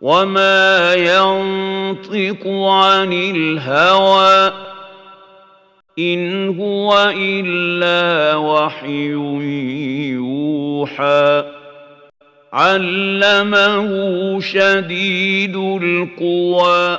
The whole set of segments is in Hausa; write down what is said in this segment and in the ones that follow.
وما ينطق عن الهوى ان هو الا وحي يوحى علمه شديد القوى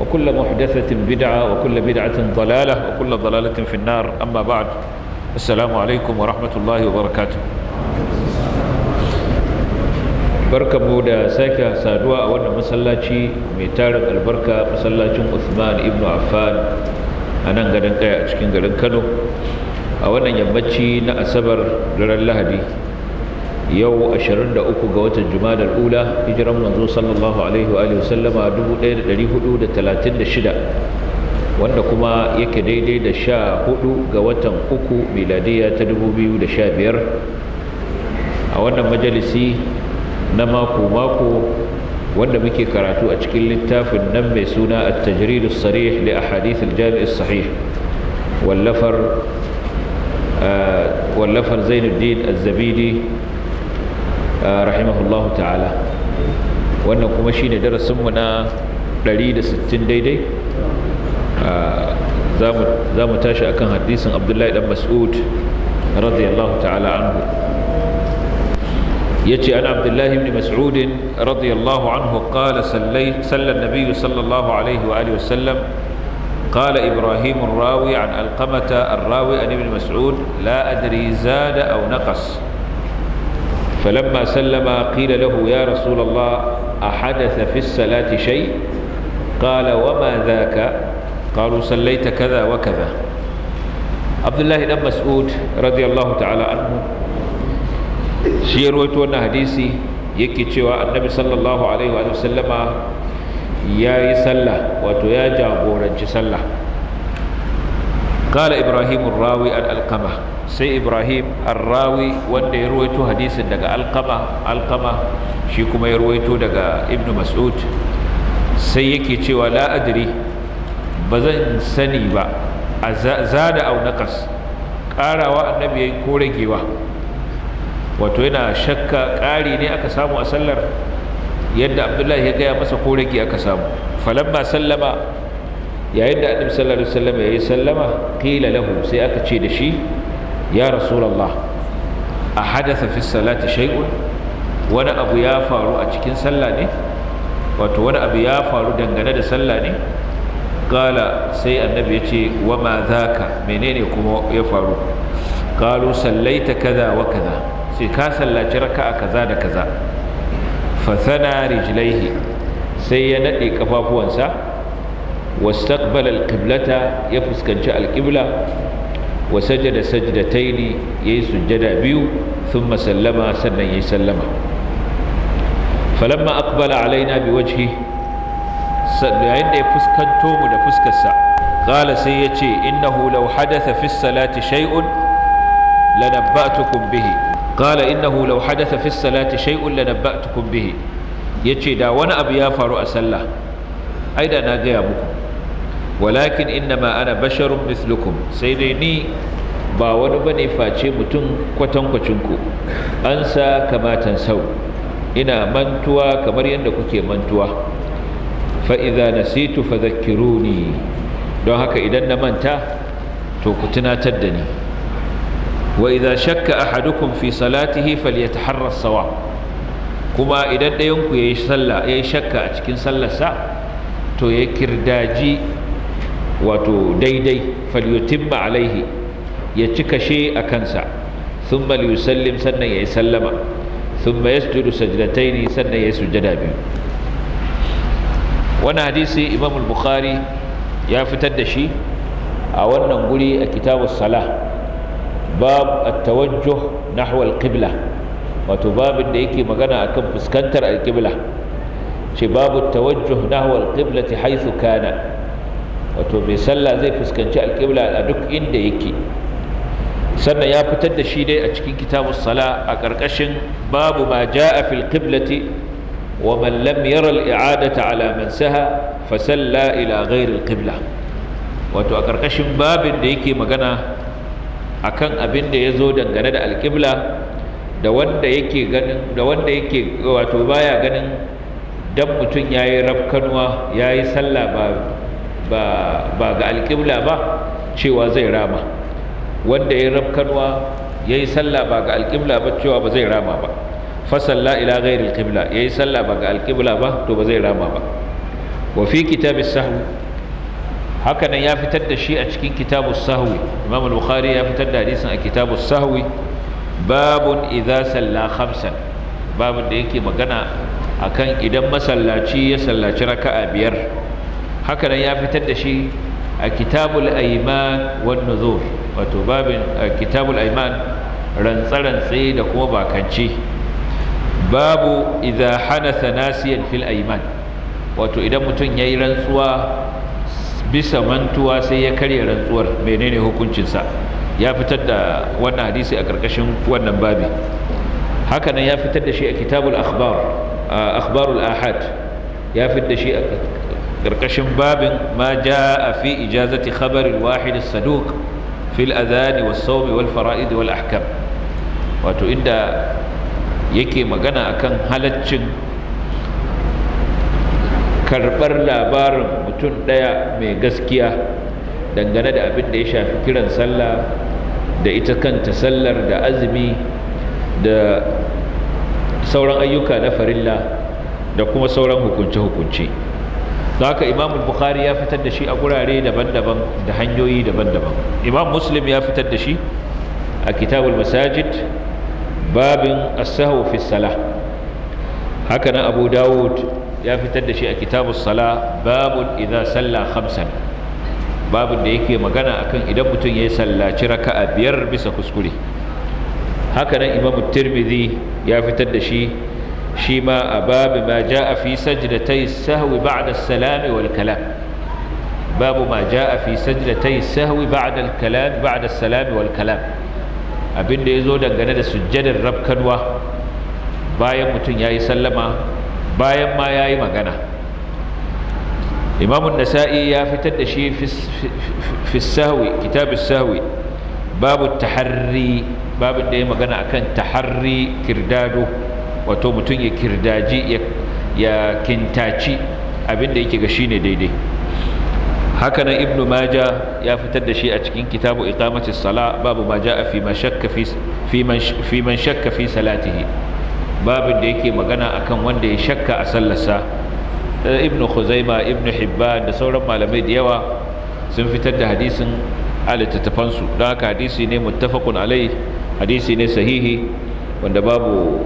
وكل محدثة بدعة وكل بدعة ضلالة وكل ضلالة في النار أما بعد السلام عليكم ورحمة الله وبركاته barka mu da sake saduwa a wannan masallaci mai tarin albarka masallacin Uthman ibnu Affan a nan garin kaya a cikin garin Kano a wannan yammaci na asabar daren lahadi yau 23 ga watan jumadar ula hijiran manzo sallallahu alaihi wa sallama 1436 wanda kuma yake daidai da 14 ga watan uku miladiya ta 2015 a wannan majalisi na mako-mako wanda muke karatu a cikin littafin nan mai suna a tajridu sarih li a al jami'ar sahih wallafar eh, wallafar Zainuddin az rahimahullah ta'ala wannan kuma shi ne darasinmu na 160 daidai za mu tashi akan hadisin abdullahi dan mas'ud radiyallahu ta'ala anhu yace an abdullahi ibn mas'ud radiyallahu anhu qala sallallahu nabiy sallallahu alaihi wa alihi wasallam قال إبراهيم الراوي عن القمة الراوي عن ابن مسعود لا أدري زاد أو فلما سلم قيل له يا رسول الله أحدث في الصلاة شيء قال وما ذاك قالوا صليت كذا وكذا عبد الله بن مسعود رضي الله تعالى عنه shi ya rawaito wannan hadisi yake cewa annabi sallallahu alaihi wa sallama ya yi sallah wato ya jagoranci sallah قال إبراهيم الراوي عن القمة سي إبراهيم الراوي وان يرويتو حديث دقا القمة القمة شيكما يرويتو دقا ابن مسعود سيكي تشوى لا أدري بزن سني با زاد أو نقص قال النبي كوريكي وا wato yana shakka ƙari ne aka samu a sallar yadda abdullahi ya gaya masa ko rage aka samu falamma sallama yayin da annabi sallallahu alaihi wasallam yayi sallama qila lahu sai aka ce da shi ya rasulullah a hadatha fi salati shay'un wani abu ya faru a cikin sallah ne wato wani abu ya faru dangane da sallah ne qala sai annabi ya ce wa ma zaka menene kuma ya faru qalu sallaita kaza wa kaza sai ka sallaci raka'a kaza da kaza fa sana rijlaihi sai ya nade kafafuwansa واستقبل القبلة يفسكن القبلة وسجد سجدتين يسجد بيو ثم سلم سنة يسلم فلما أقبل علينا بوجهه عند يفسكن توم دفسك الساعة قال سيتي إنه لو حدث في الصلاة شيء لنبأتكم به قال إنه لو حدث في الصلاة شيء لنبأتكم به يتي دا وانا أبي يا فارو أسلا أيضا أنا جاي walakin innama ana basharun mislukum sai dai ni ba wani bane face mutum kwatankwacinku an sa kamatan sau ina mantuwa kamar yadda kuke mantuwa fa'iza nasitu fadhakkiruni don haka idan na manta to ku tunatar da ni wa shakka shakka ahadukum fi salatihi falyataharra sawa kuma idan ɗayanku yayi yi yayi shakka a cikin sallarsa to ya kirdaji wato daidai falyutimma alaihi ya ci kashe a kansa thumma liyusallim sannan ya yi sallama thumma yasjudu sajdataini sannan ya yi sujada biyu wani hadisi imam al-bukhari ya fitar da shi a wannan guri a kitabus salah Babu at-tawajjuh qibla wato babin da yake magana akan fuskantar alkibla ce babu tawajjuh nahwa Kibla qiblati haythu kana wato mai sallah zai fuskanci alƙibla a duk inda yake sannan ya fitar da shi dai a cikin kitabun sala a ƙarƙashin babu ma ja'a fil wa man lam yara al-i'adata ala man saha fa salla ila ghairi wato a ƙarƙashin babin da yake magana akan abin da ya zo dangane da alƙibla da wanda yake ganin da wanda yake wato baya ganin dan mutum yayi rafkanuwa yayi sallah ba ba ga alƙibla ba cewa zai rama wanda ya rafkanwa ya yi sallah ba ga alƙibla ba cewa ba zai rama ba fasalla ila ghairi alƙibla ya yi sallah ba ga alƙibla ba to ba zai rama ba wa fi kitabis sahwi haka nan ya fitar da shi a cikin kitabus sahu imam al-bukhari ya fitar da hadisin a kitabus sahu babun idza salla khamsan babun da yake magana akan idan masallaci ya sallaci raka'a biyar haka nan ya fitar da shi a kitabul aiman wan nuzur wato babin kitabul aiman rantsarantse da kuma bakanci babu idza hanatha nasiyan fil aiman wato idan mutum ya yi rantsuwa bisa mantuwa sai ya karya rantsuwar menene hukuncinsa ya fitar da wannan hadisi a ƙarƙashin wannan babi haka nan ya fitar da shi a kitabul akhbar akhbarul ahad ya fitar da shi a ƙarƙashin babin ma a fi ijazati khabar al saduk fil saduq fi al wal-fara'id wal-ahkam wato inda yake magana akan halaccin karɓar labarin mutum ɗaya mai gaskiya dangane da abin da ya shafi kiran sallah da ita kanta sallar da azumi da sauran ayyuka na farilla da kuma sauran hukunce-hukunce don haka imam bukhari ya fitar da shi a gurare daban-daban da hanyoyi daban-daban imam muslim ya fitar da shi a kitabul masajid babin asahu fi salah haka abu dawud ya fitar da shi a kitabus sala babun idza salla khamsan babun da yake magana akan idan mutum ya sallaci raka'a biyar bisa kuskure haka nan imam tirmidhi ya fitar da shi shi ma a babu ma ja a fi yi sahwi da salami wal kalam babu ma ja a fi yi sahwi ba'da kalam ba'da salami wal kalam abinda zo dangane da sujjadar rabkanwa bayan mutum ya yi sallama bayan ma ya yi magana imam an-nasa'i ya fitar da shi fi sahwi kitab as-sahwi babu taharri babu da ya magana akan taharri kirdado wato mutum ya kirdaji ya kintaci abin da yake ga shine daidai hakanan ibnu maja ya fitar da shi a cikin kitabu iqamati sala babu Maja a fi man shakka fi salatihi babin da yake magana akan wanda ya shakka a sallarsa eh, ibnu khuzaima ibnu hibban da sauran malamai da yawa sun fitar da hadisin a littattafansu don haka hadisi ne muttafaqun alai hadisi ne sahihi wanda babu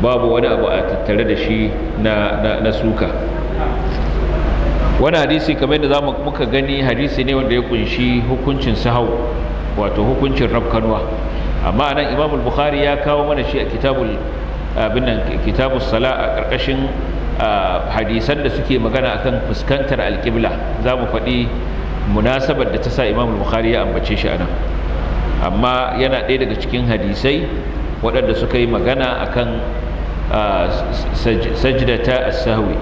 babu wani abu a tattare da shi na suka wani hadisi kamar da za muka gani hadisi ne wanda ya kunshi hukuncin sahau wato hukuncin rafkanuwa amma nan imam bukhari ya kawo mana shi a kitabul abin nan kitabul sala a ƙarƙashin hadisan da suke magana akan fuskantar alƙibla za mu faɗi munasabar da ta sa imam bukhari ya ambace shi a nan amma yana ɗaya daga cikin hadisai waɗanda suka yi magana a kan sajdata a sahwi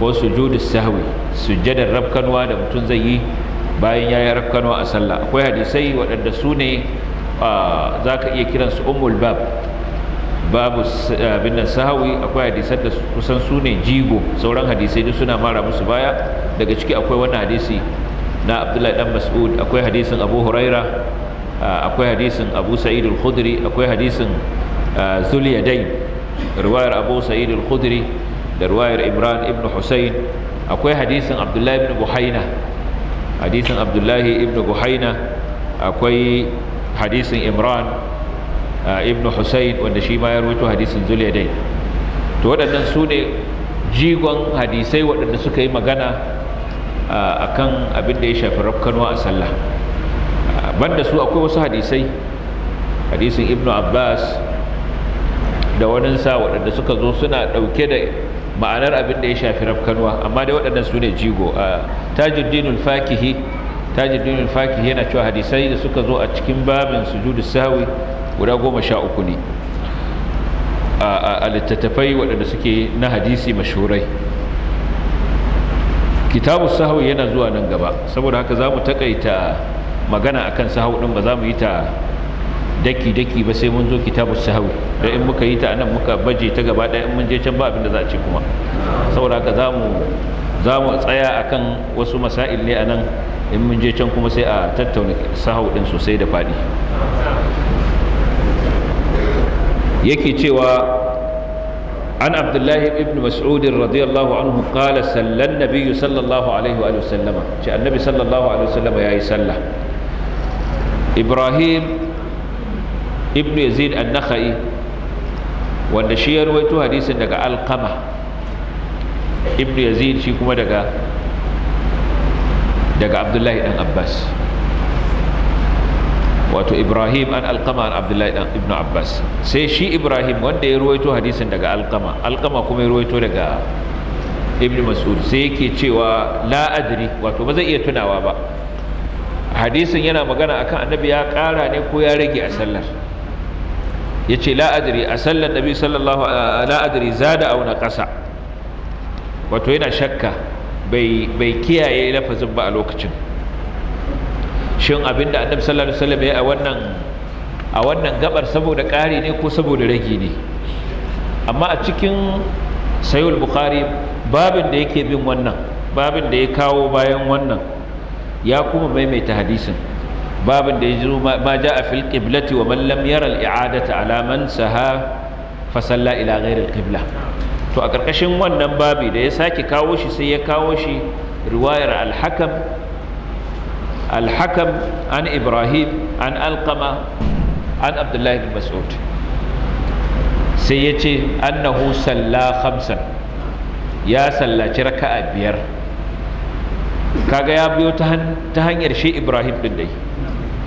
ko sujudu sahwi sujadar rabkanwa da mutum zai yi bayan ya yi a sallah akwai hadisai waɗanda su ne za ka iya kiransu umul bab babu abin nan sahawi akwai hadisai da kusan su ne jigo sauran hadisai duk suna mara musu baya daga ciki akwai wannan hadisi na abdullahi dan mas'ud akwai hadisin abu huraira akwai hadisin abu sa'id al-khudri akwai hadisin zuliyadai riwayar abu sa'id al-khudri da riwayar imran ibn husayn akwai hadisin abdullahi ibn buhaina hadisin abdullahi ibn buhaina akwai hadisin imran ibn husayn wanda shi ma ya rawaito hadisin zuliyadai to waɗannan su ne jigon hadisai waɗanda suka yi magana akan abin da ya shafi rafkanwa a sallah banda su akwai wasu hadisai hadisin ibnu abbas da waninsa waɗanda suka zo suna ɗauke da ma'anar abin da ya shafi rafkanuwa amma dai waɗannan su ne jigo a tajiddinul fakihi tajiddinul fakihi yana cewa hadisai da suka zo a cikin babin sujudu sawi guda goma sha uku ne a littattafai waɗanda suke na hadisi mashhurai kitabu sahwi yana zuwa nan gaba saboda haka za mu taƙaita magana akan sahau ɗin ba za mu yi ta daki-daki ba sai mun zo kitabu sahau da in muka yi ta anan muka baje ta gaba ɗaya in mun je can ba abin da za a ce kuma saboda haka za mu tsaya akan wasu masail ne nan in mun je can kuma sai a tattauna sahau ɗin sosai da faɗi yake cewa an Abdullahi Ibn Mas'udin radiyallahu anhu kala sallan قال sallallahu alaihi wa sallama ce annabi sallallahu alaihi wa sallama ya yi sallah ibrahim ibn yazid an-nakhai wanda shi ya rawaito hadisin daga alkama ibn yazid shi kuma daga daga abdullahi dan abbas wato ibrahim an alkama an abdullahi dan ibn abbas sai shi ibrahim wanda ya ruwaito hadisin daga alkama alkama kuma ya ruwaito daga ibn mas'ud sai yake cewa la adri wato ba zai iya tunawa ba hadisin yana magana akan annabi ya kara ne ko ya rage a sallar ya ce la'adari a sallar nabi sallallahu la'adari zada auna ƙasa wato yana shakka bai kiyaye lafazin ba a lokacin shin abinda annabi sallallahu alaihi wasallam ya a wannan a wannan gabar saboda kare ne ko saboda rage ne amma a cikin sayul bukhari babin da yake bin wannan babin da ya kawo bayan wannan ya kuma maimaita hadisin babin da ya zo ma a fil qiblati wa man lam yara al i'adata ala man saha fa salla ila ghairi al qibla to a karkashin wannan babi da ya sake kawo shi sai ya kawo shi riwayar al hakam al hakam an ibrahim an alqama an abdullahi mas'ud sai ya ce annahu salla khamsan ya sallaci raka'a biyar kaga ya biyo ta hanyar shi ibrahim din dai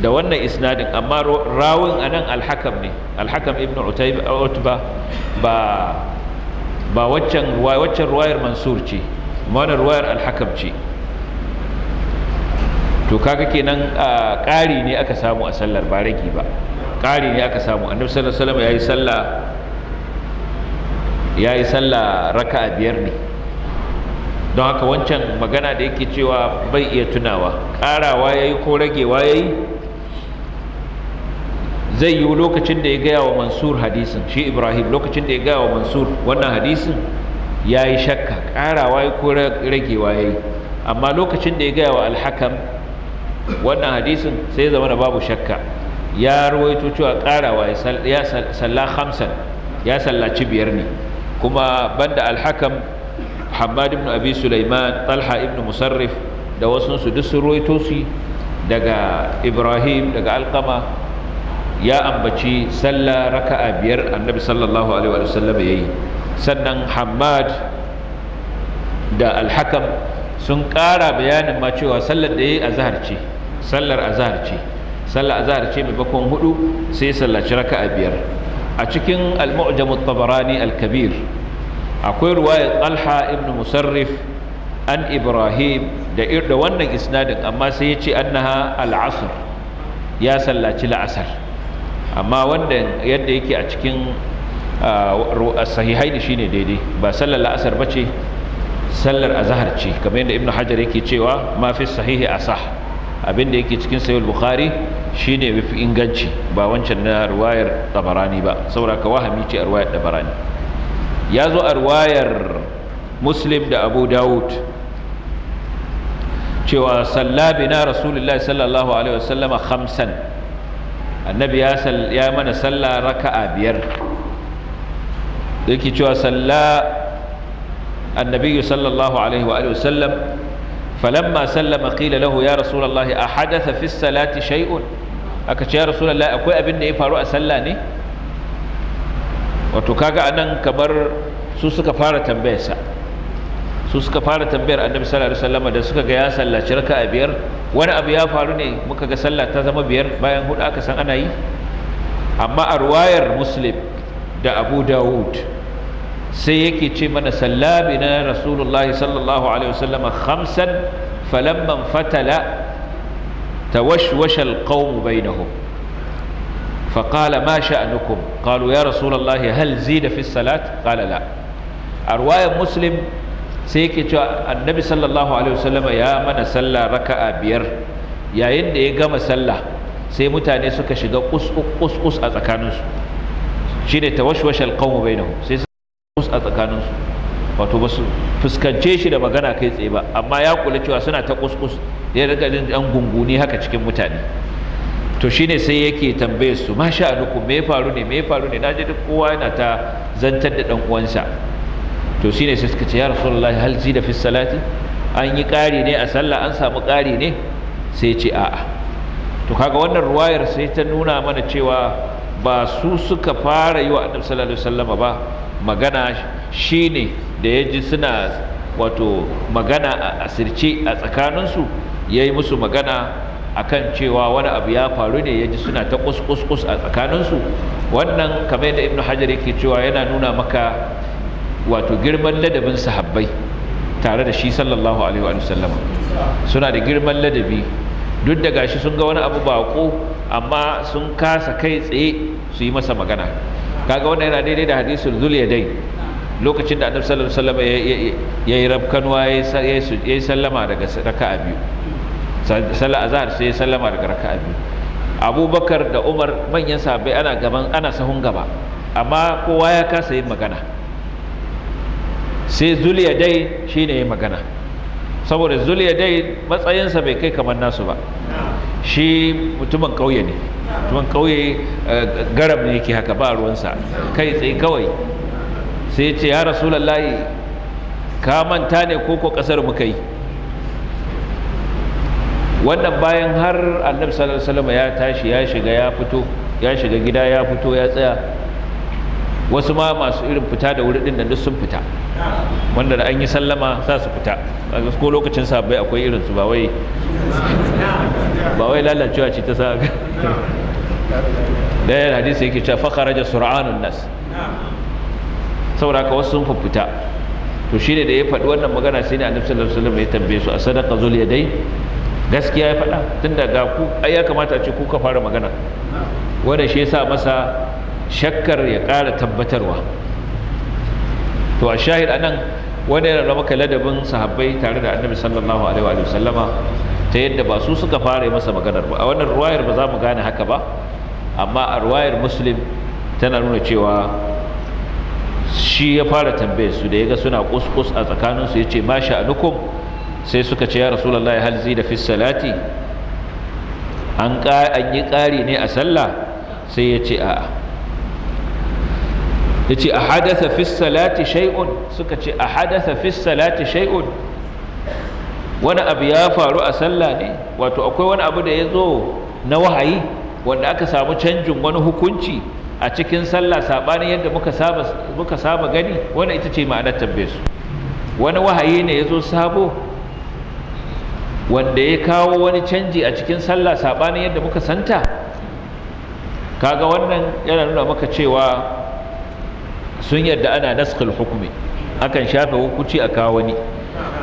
da wannan isnadin amma rawun anan alhakam ne alhakam ibn utba ba ba waccan waccan ruwayar mansur ce wannan ruwayar alhakam ce to kaga kenan ƙari ne aka samu a sallar ba rage ba ƙari ne aka samu annabi sallallahu alaihi wasallam yayi sallah yayi sallah raka'a biyar ne don haka wancan magana da yake cewa bai iya tunawa ƙarawa ya yi ko ragewa ya yi zai yi lokacin da ya gaya wa mansur hadisin shi ibrahim lokacin da ya gaya wa mansur wannan hadisin ya yi shakka ƙarawa ya ko ragewa ya yi amma lokacin da ya gaya wa alhakam wannan hadisin sai ya zama da babu shakka ya ruwaito cewa ƙarawa ya salla hamsan ya sallaci biyar ne kuma banda alhakam hammad ibn abi sulaiman talha ibn musarrif da wasu su duk sun ruwaito su daga ibrahim daga alkama ya ambaci sallah raka'a biyar annabi sallallahu alaihi wa sallam yayi sannan Hamad da alhakam sun ƙara bayanin ma cewa sallar da yayi azhar ce sallar azhar ce sallar azhar ce bakon hudu sai sallaci raka'a biyar a cikin al-mu'jam at-tabarani al-kabir al mu'jam at tabarani al kabir al akwai ruwayar talha ibn musarrif an ibrahim da wannan isnadin amma sai ya ce annaha al'asr ya sallaci la'asar amma wanda yadda yake a cikin sahihai da shine daidai ba sallar la'asar ba ce sallar azahar ce kamar yadda ibnu hajar yake cewa ma fi sahihi asah abinda yake cikin sayul bukhari shine mafi inganci ba wancan na ruwayar dabarani ba saboda ka wahami ce a ruwayar dabarani. ya zo a ruwayar muslim da abu dawud cewa sallabi na sallallahu alaihi wasallama annabi ya mana sallah raka'a biyar yake cewa annabi sallallahu alaihi wa akwai abin da ya faru a sallah ne wato kaga anan kamar su suka fara tambayarsa su suka fara tambayar annabi sallallahu alaihi wasallam da suka ga ya sallaci raka'a biyar wani abu ya faru ne muka ga sallah ta zama biyar bayan hudu aka san ana yi amma a ruwayar muslim da abu dawud sai yake ce mana sallabi na rasulullahi sallallahu alaihi wasallam khamsan falamman fatala tawashwashal qawm bainahum فقال ما شأنكم قالوا يا رسول الله هل زيد في الصلاة قال لا أرواية مسلم سيكي النبي صلى الله عليه وسلم يا من سلى ركع بير يا إن إيقام سلى سيموت أن يسك شقا قس قس قس أتكانوس شين توشوش القوم بينهم سيس قس أتكانوس wato ba su fuskance shi da magana kai tsaye ba amma ya kula cewa suna ta kuskus ya riga jin ɗan gunguni haka cikin mutane to shine sai yake tambaye su ma me faru ne me faru ne naje duk kowa yana ta zantar da dan uwansa to shine sai suka ce ya rasulullahi hal zida fi salati an yi ƙari ne a sallah an samu ƙari ne sai ce a'a to kaga wannan ruwayar sai ta nuna mana cewa ba su suka fara yi wa annabi sallallahu alaihi wasallam ba magana shine da ya ji suna wato magana a asirce a tsakaninsu ya yi musu magana akan cewa wani abu ya faru ne ya ji suna ta kuskus a tsakaninsu wannan kamar da ibnu hajar yake cewa yana nuna maka wato girman ladabin sahabbai tare da shi sallallahu alaihi wa sallama suna da girman ladabi duk da gashi sun ga wani abu bako amma sun kasa kai tsaye su yi masa magana kaga wannan yana daidai da hadisul zuliyadai lokacin da annabi sallallahu alaihi ya yi rabkanwa ya yi sallama daga raka'a biyu sallar azhar sai sallama daga raka'a abu. abubakar da umar manyan sahabbai ana gaban ana sahun gaba amma kowa ya kasa yin magana sai zuliya dai shine yin magana saboda zuliya dai matsayinsa bai kai kamar nasu ba shi mutumin ƙauye ne mutumin ƙauye eh, garab ne ke haka ba ruwansa kai tsaye kawai sai ya ce ya rasulallahi ka manta ne koko ko ƙasar muka yi wannan bayan har annabi sallallahu alaihi wasallam ya tashi ya shiga ya fito ya shiga gida ya fito ya tsaya wasu ma masu irin fita da wuri din da duk sun fita wanda da an yi sallama za su fita ko lokacin sabai akwai irin su ba wai ba wai lalacewa ce ta da ɗayan hadisi yake cewa fakara da sur'anun nas saboda ka wasu sun fita to shi ne da ya faɗi wannan magana sai ne annabi sallallahu alaihi wasallam ya tambaye su a sadaqa zul yadai gaskiya ya faɗa tun ga ku ai ya kamata ce ku ka fara magana wanda shi yasa masa shakkar ya ƙara tabbatarwa to a shahid anan wanda yana maka ladabin sahabbai tare da annabi sallallahu alaihi wa sallama ta yadda ba su suka fara yi masa maganar ba a wannan ruwayar ba za mu gane haka ba amma a ruwayar muslim tana nuna cewa shi ya fara tambayar su da ya ga suna kuskus a tsakaninsu ya ce ma sha'anukum sai suka ce ya rasulallah ya zida da fissalati an yi ƙari ne a sallah sai ya ce a'a ya ce a hadasa fissalati salati shay'un suka ce a hadasa fissalati salati shay'un wani abu ya faru a sallah ne wato akwai wani abu da ya zo na wahayi wanda aka samu canjin wani hukunci a cikin sallah saɓanin yadda muka saba gani wani ita ce ma'anar tambaye su wani wahayi ne ya zo sabo wanda ya kawo wani canji a cikin sallah saɓanin yadda muka santa kaga wannan yana nuna maka cewa sun yadda ana naskul hukumi akan shafe hukunci a kawo wani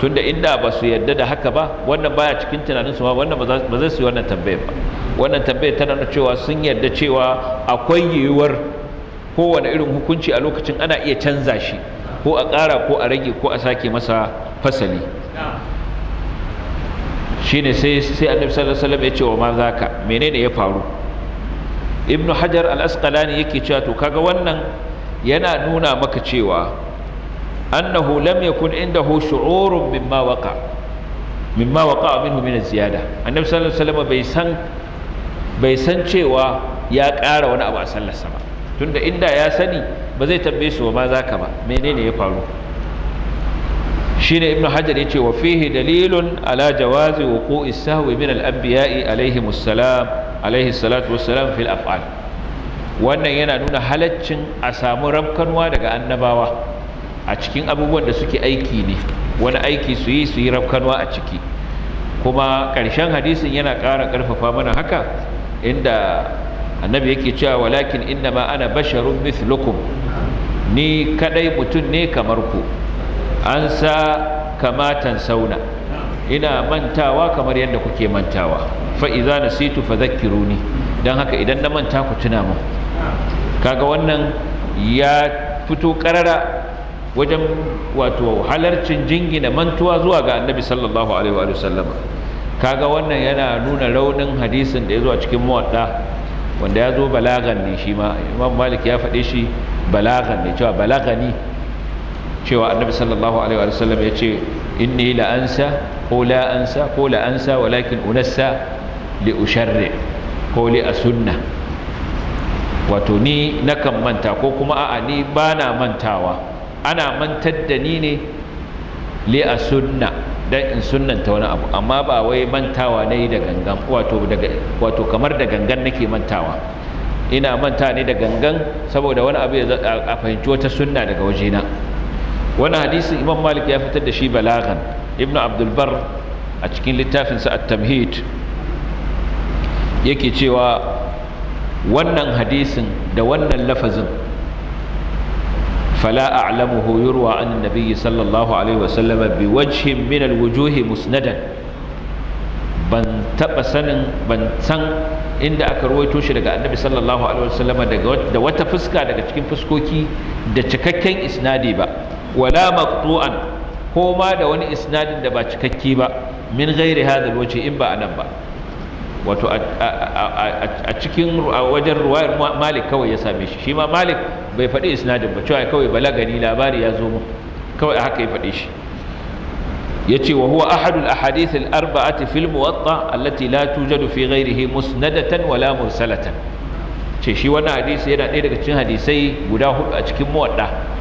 tunda inda ba su yadda da haka ba wannan baya cikin tunanin su ba wannan ba zai su yi wannan tambayar ba wannan tambayar tana nuna cewa sun yadda cewa akwai yiwuwar kowane irin hukunci a lokacin ana iya canza shi ko a ƙara ko a rage ko a sake masa fasali shine sai sai annabi sallallahu alaihi ya ce wa ma zaka menene ya faru ibnu hajar al-asqalani yake cewa to kaga wannan yana nuna maka cewa annahu lam yakun indahu shu'urun mimma waqa mimma waqa minhu min ziyada annabi sallallahu alaihi bai san bai san cewa ya ƙara wani abu a sallarsa ba tunda inda ya sani ba zai tambaye su wa ma zaka ba menene ya faru shine ibnu hajar yace wa fihi dalilun ala jawazi wuqu'i sahwi min al-anbiya'i alaihi musallam alaihi salatu wassalam fil af'al wannan yana nuna halaccin a samu rabkanwa daga annabawa a cikin abubuwan da suke aiki ne wani aiki su yi su yi rabkanwa a ciki kuma ƙarshen hadisin yana ƙara ƙarfafa mana haka inda annabi yake cewa walakin ma ana basharun mithlukum ni kadai mutum ne kamar ku an sa kamatan sauna ina mantawa kamar yadda kuke mantawa fa idza nasitu fadhakkiruni dan haka idan na manta ku tuna min kaga wannan ya fito karara wajen wato halarcin jingina mantuwa zuwa ga annabi sallallahu alaihi wa sallama kaga wannan yana nuna raunin hadisin da ya zo a cikin muwadda wanda ya zo balagan ne shi ma imam malik ya faɗe shi balagan ne cewa balagani cewa annabi sallallahu alaihi wa sallam ya ce inni la ansa ko la ansa ko la ansa walakin unassa li usharri ko li asunna wato ni nakan manta ko kuma a'a ni bana mantawa ana mantar da ni ne li asunna dan in sunnanta wani abu amma ba wai mantawa ne da gangan wato daga wato kamar da gangan nake mantawa ina manta ne da gangan saboda wani abu a fahimci wata sunna daga wajena wani hadisin imam malik ya fitar da shi balagan ibnu abdulbar a cikin littafinsa a tamhid yake cewa wannan hadisin da wannan lafazin fala a'lamuhu yurwa an nabiyyi sallallahu alaihi wasallam bi wajhin min al-wujuhi musnadan ban taba sanin ban san inda aka ruwaito shi daga annabi sallallahu alaihi wasallama daga da wata fuska daga cikin fuskoki da cikakken isnadi ba wala maqtu'an ko ma da wani isnadin da ba cikakki ba min ghairi hadha alwajh in ba anan ba wato a cikin wajen ruwayar malik kawai ya same shi malik bai faɗi isnadin ba cewa kawai balagani labari ya zo mu kawai haka ya faɗi shi ya ce wa huwa ahadu al-ahadith al-arba'ati fi al-muwatta allati la tujadu fi ghairihi musnadatan wala mursalatan ce shi wannan hadisi yana ɗaya daga cikin hadisai guda hudu a cikin muwatta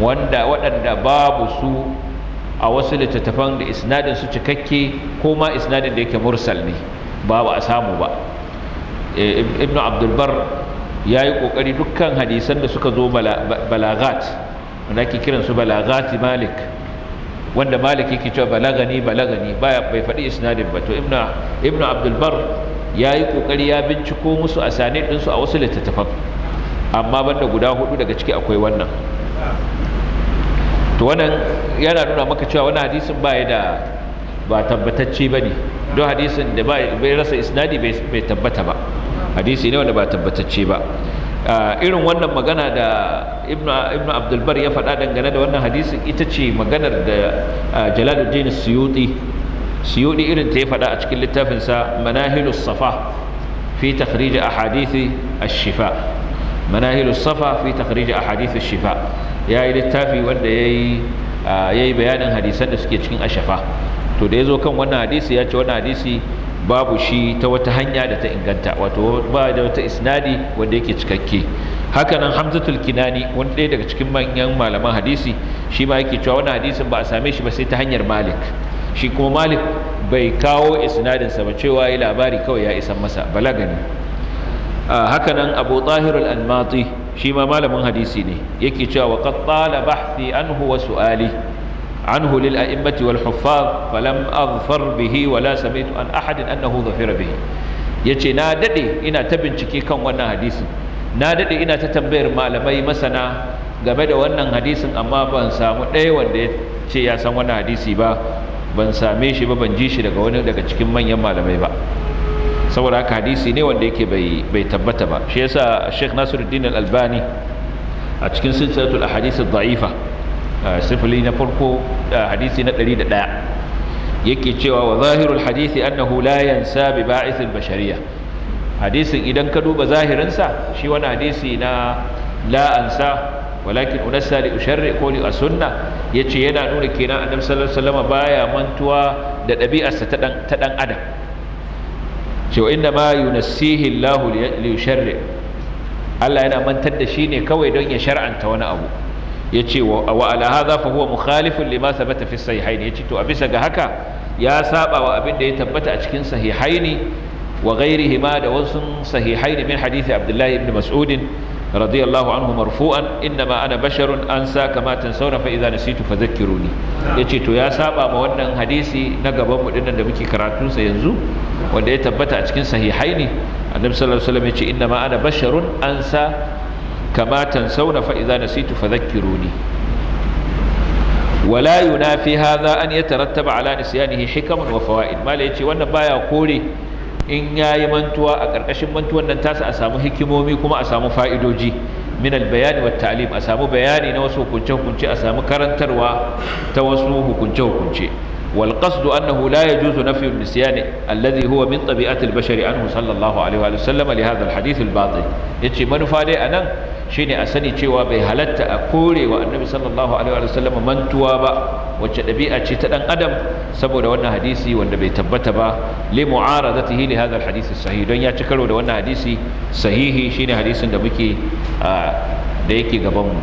wanda waɗanda babu su a wasu littattafan da isnadin su cikakke ko ma isnadin da yake mursal ne babu a samu ba e, ibn abdulbar ya yi ƙoƙari dukkan hadisan da suka zo balagat wanda ake kiran su balagati malik wanda malik yake cewa balagani balagani baya bai faɗi isnadin ba to ibn abdulbar ya yi ƙoƙari ya binciko musu a sane ɗinsu a wasu littattafan amma banda guda hudu daga ciki akwai wannan to wannan yana nuna maka cewa wannan hadisin ba ya da ba tabbatacce ba ne don hadisin da bai rasa isnadi bai tabbata ba hadisi ne wanda ba tabbatacce ba irin wannan magana da ibnu abdulbar ya faɗa dangane da wannan hadisin ita ce maganar da ujjain suyuti suyuti irin ta ya faɗa a cikin littafinsa manahilus safa fi takhrij ahadithi ash-shifa manahilu safa fi takhrij a ash-shifa yayi littafi wanda yayi yayi bayanin hadisan da suke cikin ashafa to da yazo kan wannan hadisi ya ce wannan hadisi babu shi ta wata hanya da ta inganta wato ba da wata isnadi wanda yake cikakke hakanan hamzatul kinani wani ɗaya daga cikin manyan malaman hadisi shi ma yake cewa wani hadisin ba a same shi ba sai ta hanyar malik shi kuma malik bai kawo isnadinsa ba cewa ya labari kawai ya isan masa balaga ne. Ah, haka nan abu tahir al-almati shi ma malamin hadisi ne yake cewa wa qad tala bahthi anhu wa su'ali anhu lil a'immati wal huffaz falam adfar bihi wa la sami'tu an ahadin annahu dhafira bihi yace na dade ina ta bincike kan wannan hadisi na dade ina ta tambayar malamai masana game da wannan hadisin amma ban samu ɗaya wanda ya ce ya san wannan hadisi ba ban same shi ba ban ji shi daga wani daga cikin manyan malamai ba saboda haka hadisi ne wanda yake bai tabbata ba shi yasa Sheikh Nasiruddin Al-Albani a cikin silsilatul ahadith ad-da'ifa sifili na farko hadisi na 101 yake cewa wa zahirul hadisi annahu la yansa bi ba'ith al-bashariyah hadisin idan ka duba zahirinsa shi wani hadisi na la ansa walakin unassa li usharri ko li asunna yace yana nuna kenan annabi sallallahu alaihi wasallam baya mantuwa da ɗabi'arsa ta dan adam cewa inda ma yunassihi Allah li Allah yana mantar da shi ne kawai don ya shar'anta wani abu yace wa ala hadha fa huwa mukhalifun lima thabata fi sahihaini ce to a bisa ga haka ya saba wa abin da ya tabbata a cikin sahihaini wa ghairihima da wasu sahihaini min hadisi Abdullahi ibn Mas'udin. radiyallahu anhu marfu'an innama ana basharun ansa sa kama tansawna fa idza nasitu yace to ya saba ma wannan hadisi na gaban mu dinnan da muke karatun sa yanzu wanda ya tabbata a cikin ne annabi sallallahu alaihi wasallam yace innama ana basharun an sa kama tansawna fa idza nasitu fadhakkiruni ولا ينافي هذا أن يترتب على نسيانه حكم وفوائد ما لا يجي wannan baya kore. in ya yi mantuwa a ƙarƙashin mantuwan nan tasa a samu hikimomi kuma a samu fa'idoji min bayani wa a samu bayani na wasu hukunce hukunce a samu karantarwa ta wasu hukunce hukunce wal qasdu annahu la yajuzu na nisyan alladhi huwa min tabi'ati al bashari anhu sallallahu alaihi wa sallam li hadha al yace manufa dai anan shine a sani cewa bai halatta a korewa annabi sallallahu alaihi wa sallam mantuwa ba wacce ɗabi'a ce ta ɗan adam saboda wannan hadisi wanda bai tabbata ba li mu'aradatihi li hadha al don ya ci karo da wannan hadisi sahihi shine hadisin da muke da yake gaban mu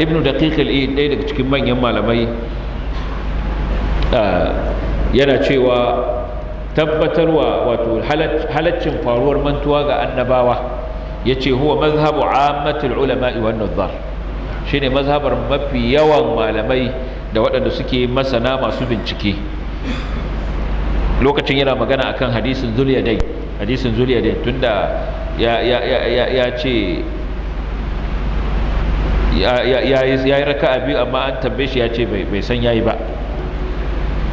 ibnu daqiq al-id ɗaya daga malamai yana cewa tabbatarwa wato halaccin faruwar mantuwa ga annabawa ya ce huwa mazhabu ammatul ulama'i wan nazar shine mazhabar mafi yawan malamai da waɗanda suke masana masu bincike lokacin yana magana akan hadisin zuliyadai hadisin zuliyadai tunda dai ya ya ya ce ya yi raka'a biyu amma an tambaye shi ya ce bai san yayi ba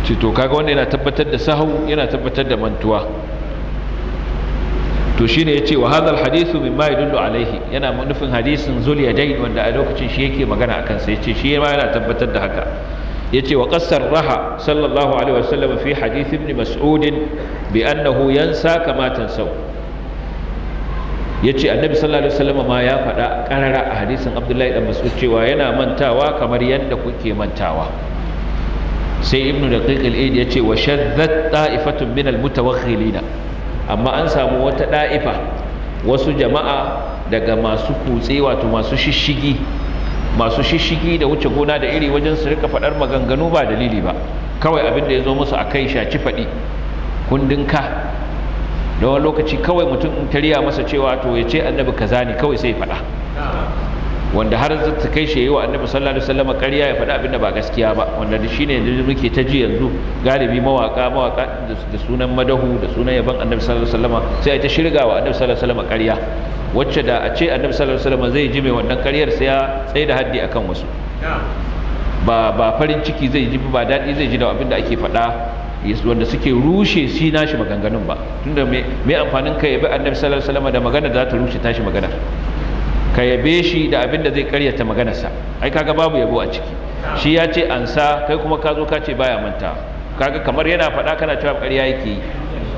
ce to kaga wanda yana tabbatar da sahau yana tabbatar da mantuwa to shine ce wa hadisu min mimma yadullu alaihi yana nufin hadisin zul yadain wanda a lokacin shi yake magana kansa ya ce shi ma yana tabbatar da haka ce wa qassar raha sallallahu alaihi wasallam fi hadith ibn mas'ud bi annahu yansa kama tansau ce annabi sallallahu alaihi sallam ma ya faɗa karara a hadisin abdullahi dan mas'ud cewa yana mantawa kamar yadda kuke mantawa sai ibnu daqiq al-aid ya ce wa shaddat ta'ifatun min al-mutawakhilina amma an samu wata da'ifa wasu jama'a daga masu kutse wato masu shishigi masu shishigi da wuce gona da iri wajen su rika faɗar maganganu ba dalili ba kawai abin da ya zo musu a kai shaci faɗi kundin ka da wani lokaci kawai mutum in tariya masa cewa to ya ce annabi kaza ne kawai sai faɗa wanda har ta kai shi yayi wa annabi sallallahu alaihi wasallam ƙarya ya faɗa abin da ba gaskiya ba wanda da shine yanzu muke ta ji yanzu galibi mawaka mawaka da sunan madahu da sunan yaban annabi sallallahu alaihi wasallam sai ai ta shirga wa annabi sallallahu alaihi wasallam ƙarya wacce da a ce annabi sallallahu alaihi wasallam zai ji mai wannan ƙaryar sai ya tsaye da haddi akan wasu ba ba farin ciki zai ji ba daɗi zai ji da abin da ake faɗa wanda suke rushe shi nashi maganganun ba tunda me amfanin ka yabi annabi sallallahu alaihi wasallam da magana da za ta rushe tashi maganar ka yabe shi da abin da zai karyata sa, ai kaga babu yabo a ciki shi ya ce an sa kai kuma ka zo ka ce baya manta kaga kamar yana faɗa kana cewa ƙarya yake yi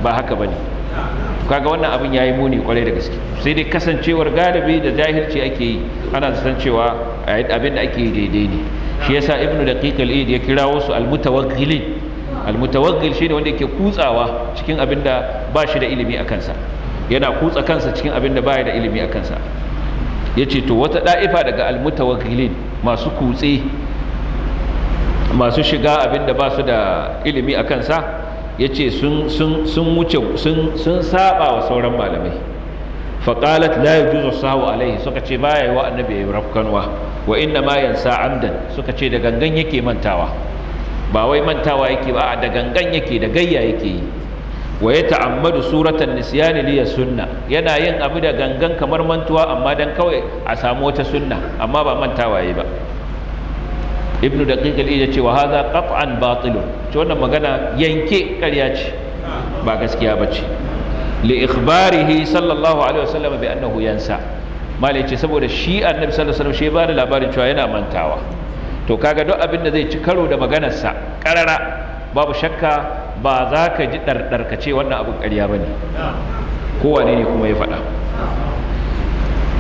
ba haka ba bane kaga wannan abin yayi muni kwarai da gaske sai dai kasancewar galibi da jahilci ake yi ana san cewa abin da ake yi daidai ne shi yasa ibnu daqiq al ya kirawo su al-mutawakkilin al-mutawakkil shine wanda yake kutsawa cikin abin da ba shi da ilimi a kansa yana kutsa kansa cikin abin da baya da ilimi a kansa ya ce to wata ɗa'ifa daga almutawakilin masu kutse masu shiga abinda da ba su da ilimi a kansa ya ce sun wuce saba wa sauran malamai faƙalat la yi juzo sahu alaihi suka ce ba ya yi wa annabi ya rafkanwa wa inna ma yansa amdan suka ce da gangan yake mantawa ba wai mantawa yake ba da gangan yake da gayya yake yi wa ya ta'ammadu suratan nisyani liya sunna yana yin abu da gangan kamar mantuwa amma dan kawai a samu wata sunna amma ba mantawa waye ba ibnu daqiq al-ija ce wa hadha qat'an batilun to wannan magana yanke ƙarya ce ba gaskiya bace li ikhbarihi sallallahu alaihi wasallam bi annahu yansa malai ce saboda shi annabi sallallahu alaihi wasallam shi ba da labarin cewa yana mantawa to kaga duk abin da zai ci karo da maganarsa karara babu shakka ba za ka ji ɗarɗarkace wannan abin ƙarya ba ne kowane ne kuma ya faɗa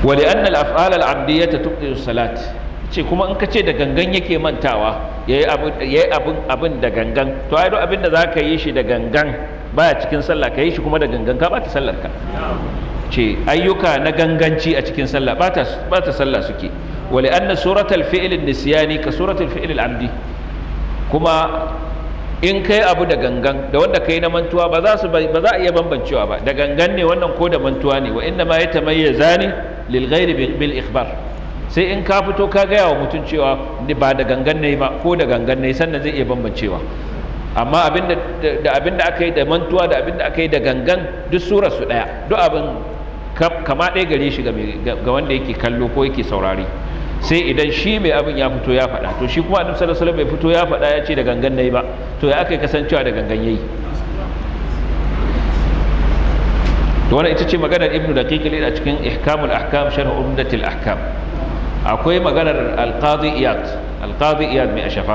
wali annal af'al al'amdiyya ta tuɓe salat ce kuma in ka ce da gangan yake mantawa ya yi abin da gangan to ai abin da za ka yi shi da gangan baya cikin sallah ka yi shi kuma da gangan ka bata sallar ka ce ayyuka na ganganci a cikin sallah bata sallah suke suratul ka suratul fi'l al'amdi kuma in ka yi abu da gangan da wanda kai na mantuwa ba za a iya bambancewa ba da gangan ne wannan ko da mantuwa ne wa inda ma ya tamayyaza zani lil ghairi bil ikhbar sai in ka fito ka gaya wa mutum cewa ba da gangan ne ba ko da gangan ne sannan zai iya bambancewa amma abin da aka yi da mantuwa da da aka yi da gangan duk surar su daya duk abin kama ɗaya gare shi ga wanda yake kallo ko yake saurari sai idan shi mai abin ya fito ya faɗa to shi kuma annabi sallallahu alaihi wasallam bai fito ya faɗa ya ce da gangan nayi ba to ya aka kasancewa da gangan yayi to wannan ita ce maganar ibnu daqiq a cikin ihkamul ahkam sharh umdatil ahkam akwai maganar alqadi iyad alqadi iyad mai ashafa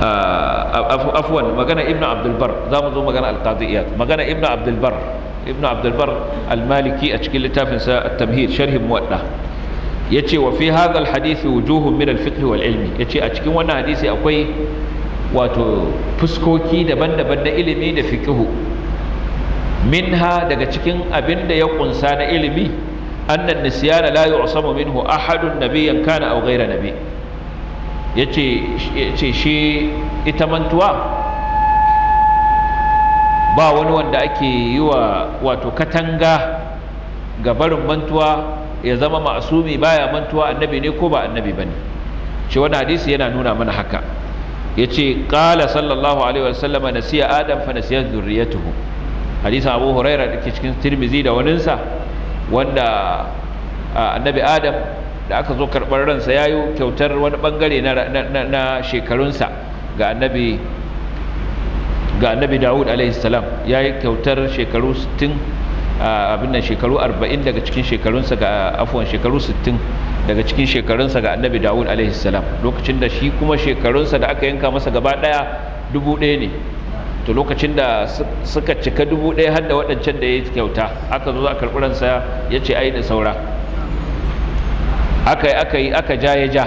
ah, afwan magana ibnu abdul bar za mu zo magana alqadi iyad magana ibnu abdul bar ibnu abdul bar al-maliki a cikin littafinsa at-tamhid sharh muwaddah yace wa fi hadha alhadith wujuhun min alfiqh wal ilmi yace a cikin wannan hadisi akwai wato fuskoki daban-daban na ilimi da fiqhu minha daga cikin abin da ya kunsa na ilimi annan nisyana la yu'samu minhu ahadun nabiyyan kana aw ghayra nabi yace yace shi ita mantuwa ba wani wanda ake yi wa wato katanga ga barin mantuwa ya zama ma'asumi baya mantuwa annabi ne ko ba annabi bane shi wani hadisi yana nuna mana haka Ya ce ƙala sallallahu alaihi wasallama siya adam fa na nasiya zurriyatuhu hadisin abu huraira dake cikin tirmizi da waninsa wanda annabi adam da aka zo karɓar ransa ya yi kyautar wani ɓangare na shekarunsa ga annabi ga annabi dawud alaihissalam ya yi kyautar shekaru 60 abin nan shekaru 40 daga cikin shekarunsa ga afwan shekaru 60 daga cikin shekarunsa ga annabi dawud alaihi salam lokacin da shi kuma shekarunsa da aka yanka masa gaba daya dubu ɗaya ne to lokacin da suka cika dubu ɗaya har da waɗancan da ya yi kyauta aka zo a karɓi ransa ya ce ai da saura aka yi aka yi aka ja ya ja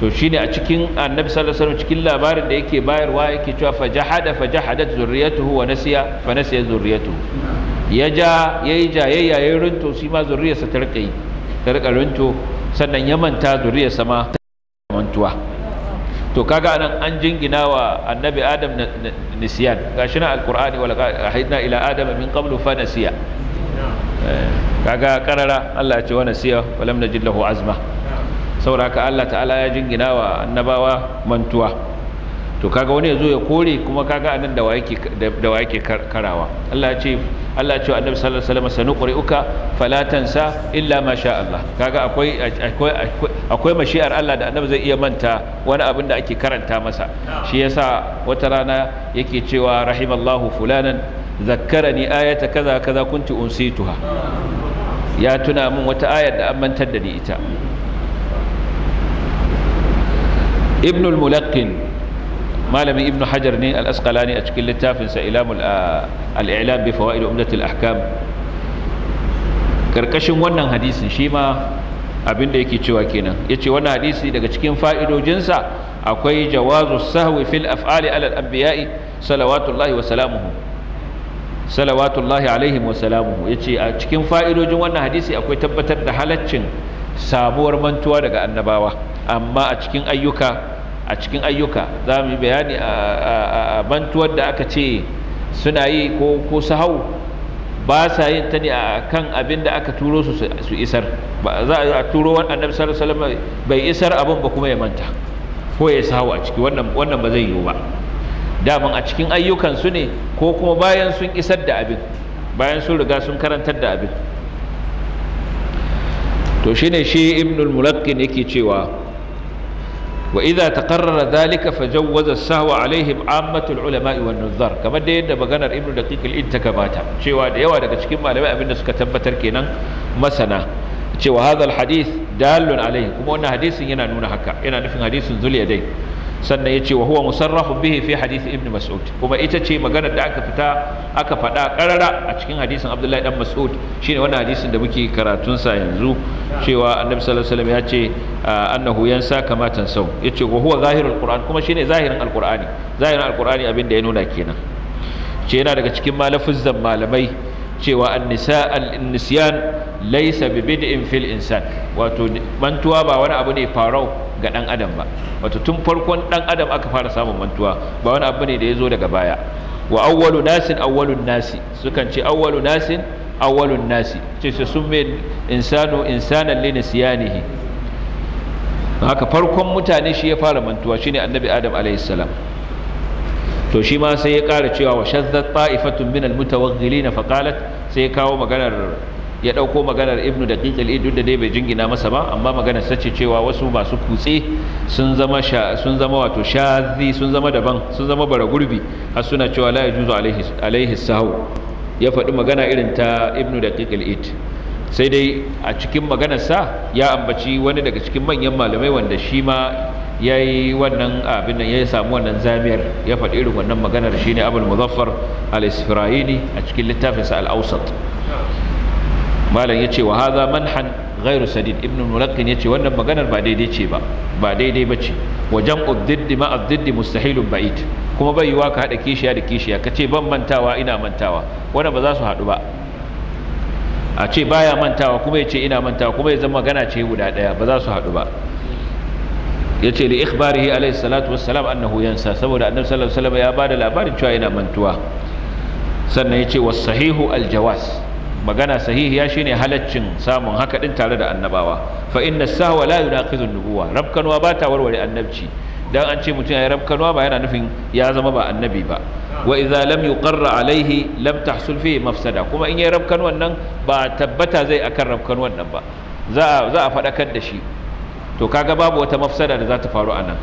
to shine a cikin annabi sallallahu alaihi wasallam cikin labarin da yake bayarwa yake cewa fajahada fajahadat zurriyatuhu wa nasiya fa nasiya zurriyatuhu ya ja yayi jayayya yayi runto shi ma zurriyarsa ta rika yi ta rika runto sannan ya manta zurriyarsa ma ta mantuwa to kaga anan an jingina wa annabi adam nisyan gashi na alqur'ani wala ahidna ila adam min qablu fa nasiya eh, kaga karara Allah ya ce wa nasiya wa lam najid lahu azma saboda Allah ta'ala ya jingina wa annabawa mantuwa to kaga wani zo ya kore kuma kaga anan da wake da wake karawa Allah ya ce Allah ya ce annabi sallallahu alaihi wasallam sanuqri'uka fala tansa illa ma sha Allah kaga akwai akwai akwai mashi'ar Allah da annabi zai iya manta wani abin da ake karanta masa shi yasa wata rana yake cewa rahimallahu fulanan zakkarani ayata kaza kaza kunti unsituha ya tuna min wata ayar da an mantar da ni ita ibnul mulaqin malamin ibnu hajar ne al-asqalani a cikin littafinsa ilamul al-i'lam bi fawaid karkashin wannan hadisin shi ma abin da yake cewa kenan yace wannan hadisi daga cikin fa'idojinsa akwai jawazu sahwi fil af'ali ala al-anbiya'i salawatullahi wa salamuhu salawatullahi alaihim wa salamuhu yace a cikin fa'idojin wannan hadisi akwai tabbatar da halaccin samuwar mantuwa daga annabawa amma a cikin ayyuka a cikin ayyuka za mu yi bayani a mantuwar da aka ce suna yi ko ko sahau ba sa yin ta ne a kan abin da aka turo su su isar ba za a turo wani annabi sallallahu alaihi wasallam bai isar abin ba kuma ya manta ko ya sahau a ciki wannan wannan ba zai yiwu ba daman a cikin ayyukan su ne ko kuma bayan sun isar da abin bayan sun riga sun karantar da abin to ne shi ibnul mulaqqin yake cewa wa idza taqarrara dhalika fajawwaza sahwa alaihim ammatul ulama'i wa nuzar kamar da yadda maganar ibnu daqiq al ta gabata cewa da yawa daga cikin malamai abinda suka tabbatar kenan masana cewa hadha al-hadith dalun alaihi kuma wannan hadisin yana nuna haka yana nufin hadisin zuliyadai sannan ya ce wa huwa musarrahu bihi fi hadisi ibn mas'ud kuma ita ce maganar da aka fita aka faɗa ƙarara a cikin hadisin abdullahi dan mas'ud shine wannan hadisin da muke karatun sa yanzu cewa annabi sallallahu alaihi wasallam ya ce ah, annahu yansa kama tansau yace wa huwa zahirul qur'an kuma shine zahirin alqur'ani zahirin alqur'ani abin da ya nuna kenan ce yana daga cikin malafin malamai cewa an-nisyan laysa bi bid'in fil insan wato mantuwa ba wani abu ne farau ga dan adam ba wato tun farkon dan adam aka fara samun mantuwa ba wani abu ne da ya zo daga baya wa awwalu nasin awwalun nasi sukan ce awwalu nasin awwalun nasi ce su sun mai insanu insanan li nisyanihi haka farkon mutane shi ya fara mantuwa shine annabi adam alayhi salam to shi ma sai ya ƙara cewa wa shazzat ta'ifatun min almutawaghilin fa qalat sai ya kawo maganar ya dauko maganar ibnu daqiq al da dai bai jingina masa ba amma maganar sace cewa wasu masu kutse sun zama sun zama wato shazi sun zama daban sun zama bara gurbi har suna cewa la yajuzu alaihi alaihi sahu ya faɗi magana irin ta ibnu daqiq al sai dai a cikin maganarsa ya ambaci wani daga cikin manyan malamai wanda shi ma ya yi wannan abin ya samu wannan zamiyar ya faɗi irin wannan maganar shi ne abul muzaffar al-isfirayini a cikin littafinsa al-ausat malam ya ce wa haza manhan ghairu sadid ibn mulaqin ya ce wannan maganar ba daidai ce ba ba daidai ba ce wajen jam'u ma diddi mustahilun ba'id kuma bai yiwa ka haɗa kishiya da kishiya ka ce ban mantawa ina mantawa wanda ba za su haɗu ba a ce baya mantawa kuma ya ce ina mantawa kuma ya zama magana ce guda ɗaya ba za su haɗu ba ya ce da ikhbarihi alaihi salatu wassalam annahu yansa saboda annabi sallallahu alaihi wasallam ya bada labarin cewa yana mantuwa sannan ya ce was sahihu al jawas magana sahihiya shine halaccin samun haka din tare da annabawa fa inna sahwa la yunaqizu nubuwa rabkanwa ba ta warware annabci dan an ce mutum ya rabkanwa ba yana nufin ya zama ba annabi ba wa idza lam yuqarra alaihi lam tahsul fihi mafsada kuma in ya rabkanwan nan ba tabbata zai akan rabkanwan nan ba za a za a da shi to kaga babu wata mafsada da za ta faru a nan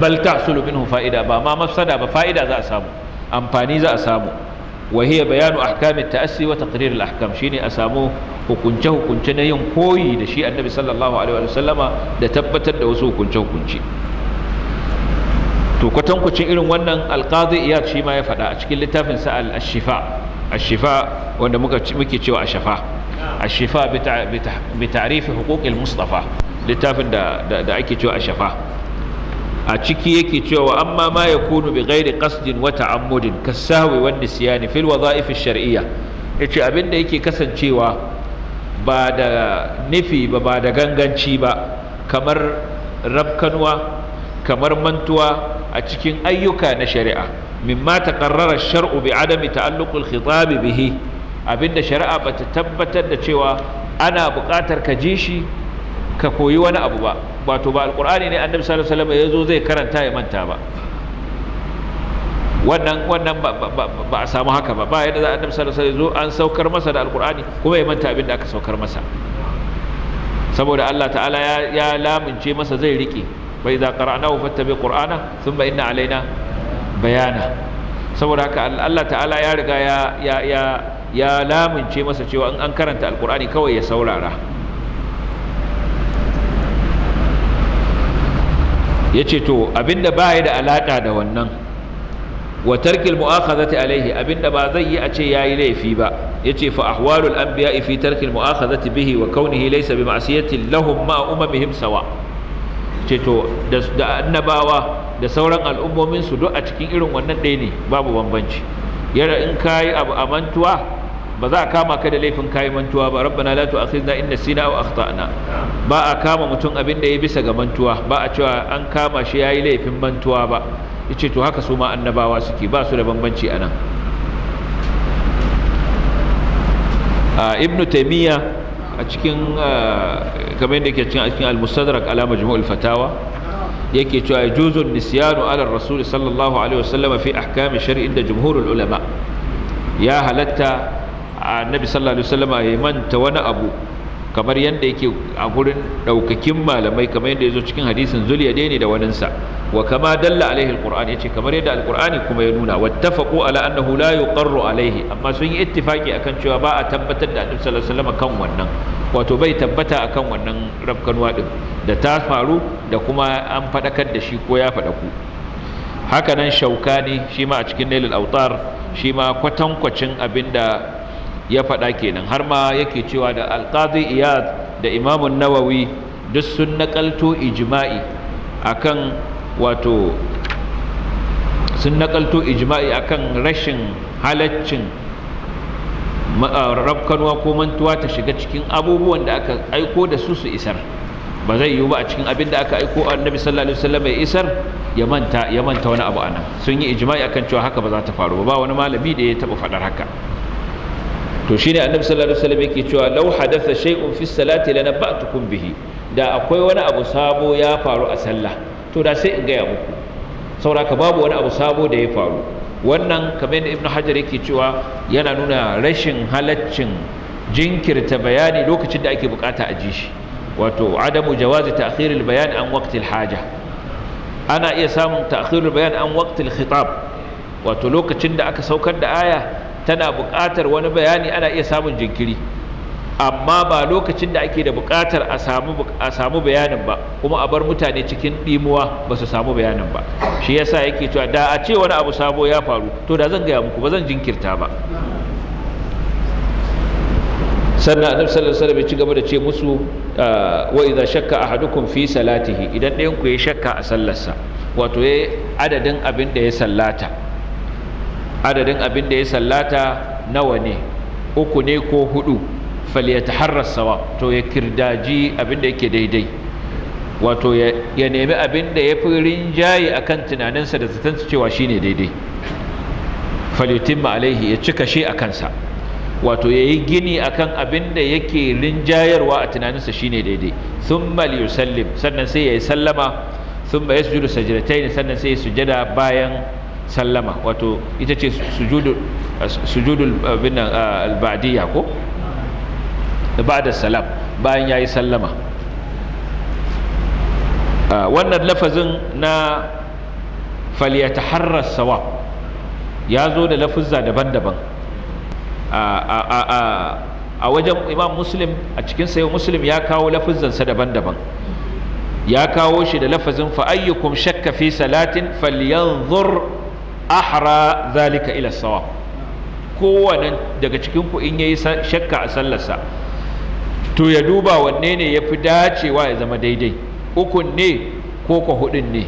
bal tahsulu minhu fa'ida ba ma mafsada ba fa'ida za a samu amfani za a samu wa hiya bayanu ahkam at-ta'assi wa taqrir al-ahkam shine a samu hukunce hukunce na yin koyi da shi annabi sallallahu alaihi wa sallama da tabbatar da wasu hukunce hukunce to kwatankwacin irin wannan alqadi iya shi ma ya faɗa a cikin littafin sa al-shifa al-shifa wanda muke cewa a shafa ashifa bi ta'rifi huquqil mustafa littafin da da ake a shifa a ciki yake cewa amma ma kunu bi ghairi qasdin wa ta'ammudin kasahwi wan nisyan fil wadha'if ash-shar'iyya yace abinda yake kasancewa ba da nufi ba ba da ganganci ba kamar rabkanwa kamar mantuwa a cikin ayyuka na shari'a mimma taqarrara ash-shar'u bi adami ta'alluq al-khitab bihi abinda shari'a ba ta tabbatar da cewa ana buƙatar ka ji shi ka koyi wani abu ba wato ba alƙur'ani ne annabi sallallahu alaihi wasallam ya zo zai karanta ya manta ba wannan wannan ba a samu haka ba ba yadda za annabi sallallahu alaihi wasallam zo an saukar masa da alƙur'ani kuma ya manta abinda aka saukar masa saboda Allah ta'ala ya ya lamince masa zai rike bai za qara'nahu fattabi qur'ana thumma inna alaina bayana saboda haka Allah ta'ala ya riga ya ya ya ya lamunce masa cewa in an karanta alkur'ani kawai ya saurara ya ce to abinda ba da alaƙa da wannan wa tarkil mu'akhazati alaihi abinda ba zai yi a ce yayi laifi ba yace fa ahwalul anbiya fi tarkil mu'akhazati bihi wa kaunihi laysa bi ma'siyati lahum ma umamihim sawa ce to da annabawa da sauran al'ummomin su duk a cikin irin wannan ɗaya ne babu bambanci yara in kayi abu amantuwa ba za a kama ka da laifin kayi mantuwa ba rabbana la tu'akhidna in nasina aw akhtana ba a kama mutum abin da ya bisa ga mantuwa ba a cewa an kama shi yayi laifin mantuwa ba yace to haka su ma annabawa suke ba su da bambanci anan ibn taymiya a cikin kamar yadda yake cikin a cikin al-mustadrak ala majmu'ul fatawa yake cewa yajuzu an-nisyanu ala rasul sallallahu alaihi wasallam fi ahkam shar'i da jumhurul ulama ya halatta annabi sallallahu alaihi wasallam ya manta wani abu kamar yadda yake a gurin daukakin malamai kamar yadda yazo cikin hadisin zuliya ne da waninsa wa kama dalla alaihi alquran yace kamar yadda alqurani kuma ya nuna wattafaqu ala annahu la yuqarru alaihi amma sun yi ittifaki akan cewa ba a tabbatar da annabi sallallahu alaihi kan wannan wato bai tabbata akan wannan rabkanwa din da ta faru da kuma an fadakar da shi ko ya fadaku haka nan ne shi ma a cikin nailul autar shi ma kwatankwacin abinda ya faɗa kenan har ma yake cewa da alqadi iyad da imamun nawawi duk sun naƙalto ijma'i akan wato sun naƙalto akan rashin halaccin rabkanwa ko mantuwa ta shiga cikin abubuwan da aka aiko da su su isar ba zai yiwu ba a cikin abin da aka aiko annabi sallallahu alaihi mai ya isar ya manta wani abu anan sun yi ijma'i akan cewa haka ba za ta faru ba ba wani malami da ya taɓa faɗar haka to shine annabi sallallahu alaihi wasallam yake cewa law hadatha shay'un fi salati lanabatukum bihi da akwai wani abu sabo ya faru a sallah to da sai in gaya muku sauraka babu wani abu sabo da ya faru wannan kamar da ibnu hajar yake cewa yana nuna rashin halaccin jinkirta bayani lokacin da ake bukata a ji shi wato adamu jawazi ta'khiril bayan an waqtil haja ana iya samun ta'khirul bayan an waqtil khitab wato lokacin da aka saukar da aya tana buƙatar wani bayani ana iya samun jinkiri amma ba lokacin da ake da buƙatar a samu bayanin ba kuma a bar mutane cikin ɗimuwa ba su samu bayanin ba shi yasa yake cewa da a ce wani abu sabo ya faru to da zan gaya muku ba zan jinkirta ba sannan annabi sallallahu alaihi wasallam ya ci gaba da ce musu ah, wa idza shakka ahadukum fi salatihi idan ɗayan ku ya shakka a sallarsa wato yayi adadin abin da ya sallata adadin abin da ya sallata nawa ne uku ne ko hudu falyataharras sawa to ya kirdaji abin da yake daidai wato ya nemi abin da ya fi rinjaye akan tunaninsa da zatansa cewa shine daidai falyutimma alaihi ya cika shi a kansa wato ya yi gini akan abin da yake rinjayarwa a tunaninsa shine daidai sun maliyu sallim sannan sai ya yi sallama sun thumma yasjudu sajdatayn sannan sai ya sujada bayan sallama wato ita ce sujudul binan ah, albadiya ko ba'da salam bayan ya yi sallama ah, wannan lafazin na falyataharras sawa ya zo da lafuzza daban-daban ah, a wajen imam muslim a cikin sayo muslim ya kawo lafuzzansa daban-daban ya kawo shi da lafazin fa'ayyukum shakka fi salatin falyanzur ahra zalika ila sawa kowane daga cikin ku in yayi shakka a sallarsa to ya duba wanne ne ya fi dacewa ya zama daidai ukun ne ko ko hudun ne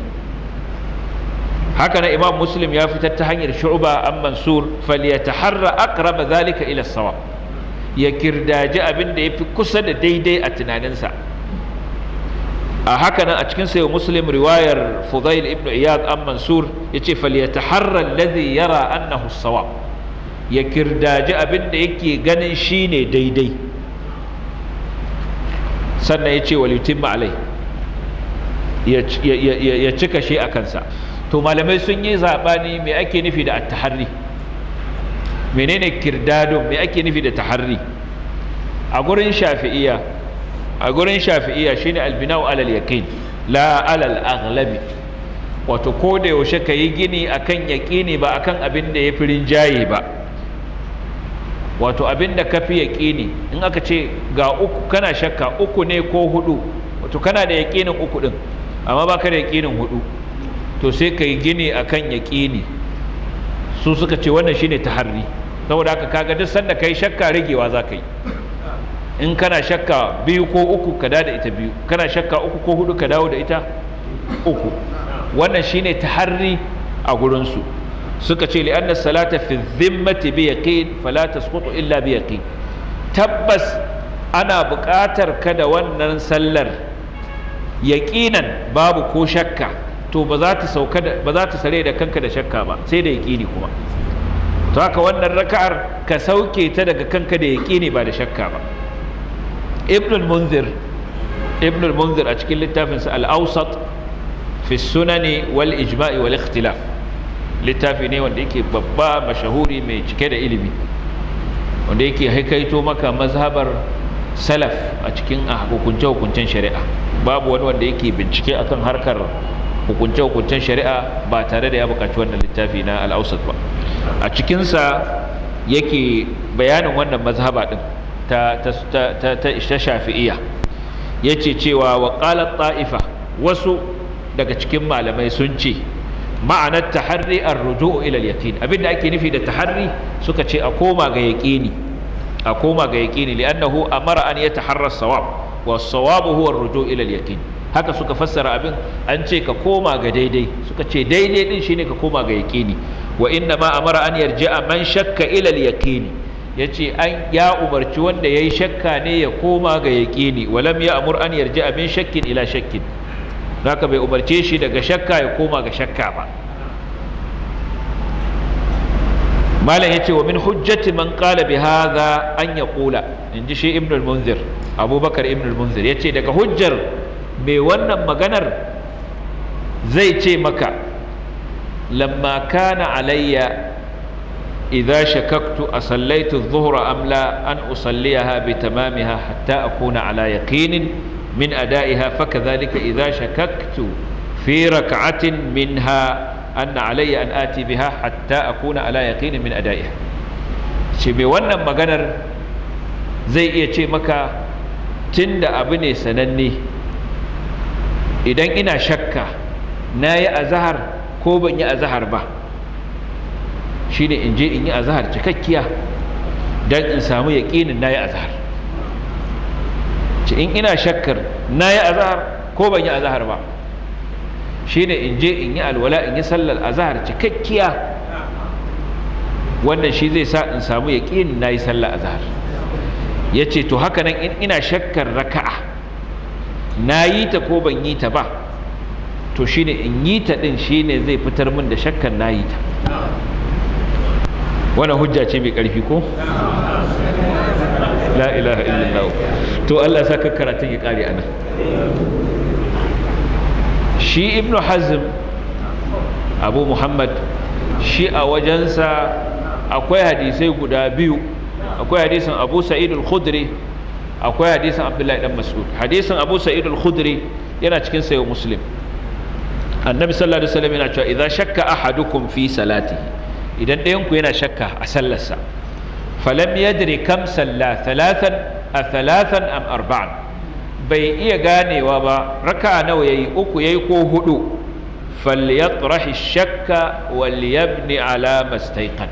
haka na imam muslim ya fitar ta hanyar shu'ba an mansur falyataharra Akraba zalika ila sawa ya kirdaji abin da yafi kusa da daidai a tunaninsa a haka nan a cikin sayo muslim riwayar fudail ibn iyad an mansur ya ce falyataharra alladhi yara annahu sawa ya kirdaji abin da yake ganin shine daidai sannan ya ce walitimma alai ya cika shi a kansa to malamai sun yi zaɓani me ake nufi da at menene kirdadun me ake nufi da taharri a gurin shafi'iya a gurin shafi'iyya shine albinau alal yaqin la alal aghlabi wato ko da yaushe ka yi gini akan yaqini ba akan abin da ya fi rinjaye ba wato abin da ka fi yaqini in aka ce ga uku kana shakka uku ne ko hudu wato kana da yaqinin uku din amma ba ka da yaqinin hudu to sai ka yi gini akan yaqini su suka ce wannan shine taharri saboda haka kaga duk sanda kai shakka ragewa za ka yi in kana shakka biyu ko uku ka da ita biyu kana shakka uku ko hudu ka dawo da ita uku wannan shine taharri a gurinsu suka ce li'anna salata fi dhimmati bi yaqin fala tasqutu illa bi yaqin tabbas ana buƙatar ka da wannan sallar yaqinan babu ko shakka to ba za ta sauka ba za ta sare da kanka da shakka ba sai da yaqini kuma to haka wannan raka'ar ka sauke ta daga kanka da yaqini ba da shakka ba ibnul munzir ibnul munzir a cikin littafinsa alausat awsat fi sunani wal ijma'i wal ikhtilaf littafi ne wanda yake babba mashahuri mai cike da ilimi wanda yake haikaito maka mazhabar salaf a cikin hukunce-hukuncen shari'a babu wani wanda yake bincike akan harkar hukunce-hukuncen shari'a ba tare da ya bukaci wannan littafi na al'ausat ba a cikinsa yake bayanin wannan mazhaba din ta ta ta ta shafi'iyya yace cewa wa qalat ta'ifa wasu daga cikin malamai sun ce ma'anar taharri ar-ruju'u ilal al abinda ake nufi da taharri suka ce a koma ga yaqini a koma ga yaqini li'annahu mara an yataharra as-sawab was-sawabu huwa rujo ruju ila haka suka fassara abin an ce ka koma ga daidai suka ce daidai din shine ka koma ga yaqini wa inna ma mara an a man shakka ilal al ya ce ya umarci wanda ya yi shakka ne ya koma ga yaƙini walam ya amur an yarji abin shakkin ila shakkin ka bai umarce shi daga shakka ya koma ga shakka ba malam ya ce wa min hujjati man qala bi hadha an kula in ji shi ibn munzir abubakar ibn munzir ya ce daga hujjar mai wannan maganar zai ce maka lamma kana alayya إذا شككت أصليت الظهر أم لا أن أصليها بتمامها حتى أكون على يقين من أدائها فكذلك إذا شككت في ركعة منها أن علي أن آتي بها حتى أكون على يقين من أدائها شبي ونن مغنر زي إيه مكا تند أبني سنني إذن إنا شكا ناي أزهر ko ban yi azahar ba Shi ne in je in yi azhar cikakkiya dan in samu yaqinin nayi azhar ci in ina shakkar na nayi azhar ko ban yi azhar ba Shi ne in je in yi alwala in yi sallar azhar cikakkiya wannan shi zai sa in samu na yi sallar Ya ce to haka nan in ina shakkar raka'a na yi ta ko ban yi ta ba to shi ne in yi ta din ne zai fitar min da shakkar na yi ta Wani hujja ce mai ƙarfi ko la ilaha illallah to Allah sa ka karatun ya kare anan shi ibnu hazm abu muhammad shi a wajensa akwai hadisai guda biyu akwai hadisin abu sa'id al-khudri akwai hadisin abdullahi dan mas'ud hadisin abu sa'id al-khudri yana cikin sayo muslim annabi sallallahu alaihi wasallam yana cewa idza shakka ahadukum fi salatihi idan ɗayanku yana shakka a sallarsa falam yadri kam salla thalathan a thalathan am arba'an bai iya ganewa ba raka nawa yayi uku yayi ko hudu falyatrahi shakka wal yabni ala mastaiqan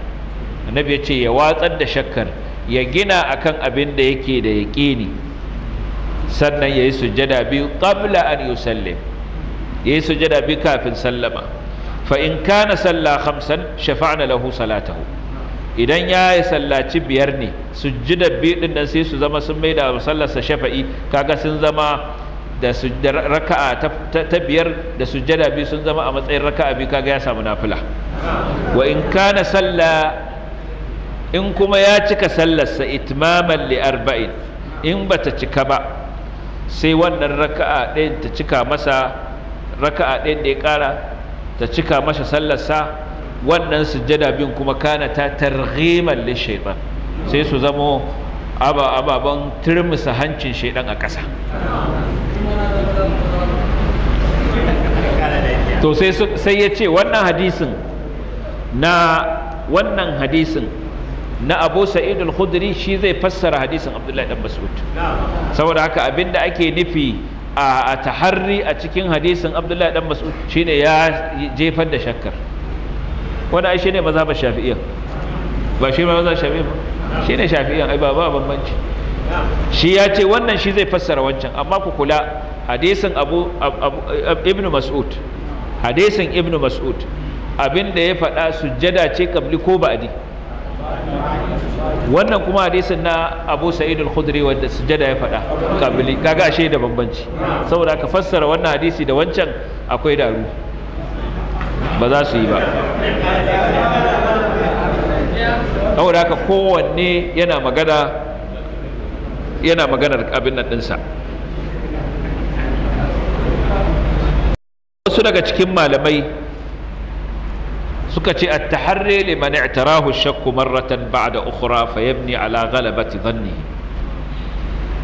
annabi ya ce ya watsar da shakkar ya gina akan abin da yake da yaƙini sannan yayi sujjada biyu qabla an yusallim yayi sujjada biyu kafin sallama fa in kana salla khamsan shafa'na lahu idan ya yi sallaci biyar ne sujjida biyu din nan sai su zama sun maida sallarsa shafa'i kaga sun zama da raka'a ta biyar da sujjada biyu sun zama a matsayin raka'a biyu kaga ya samu nafila wa in kana salla in kuma ya cika sallarsa itmaman li arba'in in bata cika ba sai wannan raka'a ɗayan ta cika masa raka'a ɗayan da ya ƙara ta cika masa sallarsa wannan sujjada bin kuma kana ta targhiman lishaitan sai su zamo ababen turmusa hancin shaidan a ƙasa to sai ya ce wannan hadisin na wannan hadisin na abu sa'id al-khudri shi zai fassara hadisin abdullahi dan mas'ud saboda haka abinda ake nufi a taharri a cikin hadisin abdullahi dan mas'ud shine ya jefar da shakkar wanda ai shine mazhabar shafi'iyan. ba shi ma maza shafi'iyya ba shine shafi'iyya ai ba ba bambanci shi ya ce wannan shi zai fassara wancan amma ku kula hadisin abu ibnu mas'ud hadisin ibnu mas'ud abinda ya faɗa sujjada ce kabli ko ba'di wannan kuma hadisin na abu sa'idul khudri wanda sujada ya faɗa kabili kaga ashe da bambanci saboda ka fassara wannan hadisi da wancan akwai daru ba za su yi ba saboda haka kowanne yana magana yana maganar abin nan ɗinsa wasu daga cikin malamai suka ce at-taharri liman i'tarahu ash-shakku marratan ba'da ukhra fa ala ghalabati dhannihi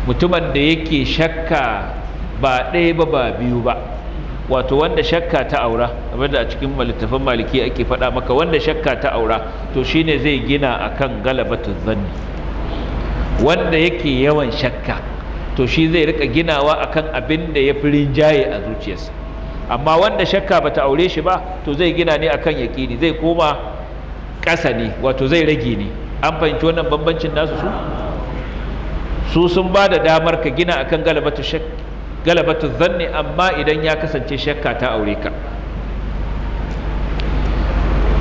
mutumin da yake shakka ba ɗaya ba ba biyu ba wato wanda shakka ta aura abinda a cikin littafin maliki ake faɗa maka wanda shakka ta aura to shine zai gina akan galabatu dhanni wanda yake yawan shakka to shi zai rika ginawa akan abin da ya fi rinjaye a zuciyarsa amma wanda shakka bata aure shi ba to zai gina ne akan yaqini zai koma ƙasa ne wato zai rage ne an fahimci wannan bambancin nasu su su sun ba da damar ka gina akan galabatu shak galabatu amma idan ya kasance shakka ta aure ka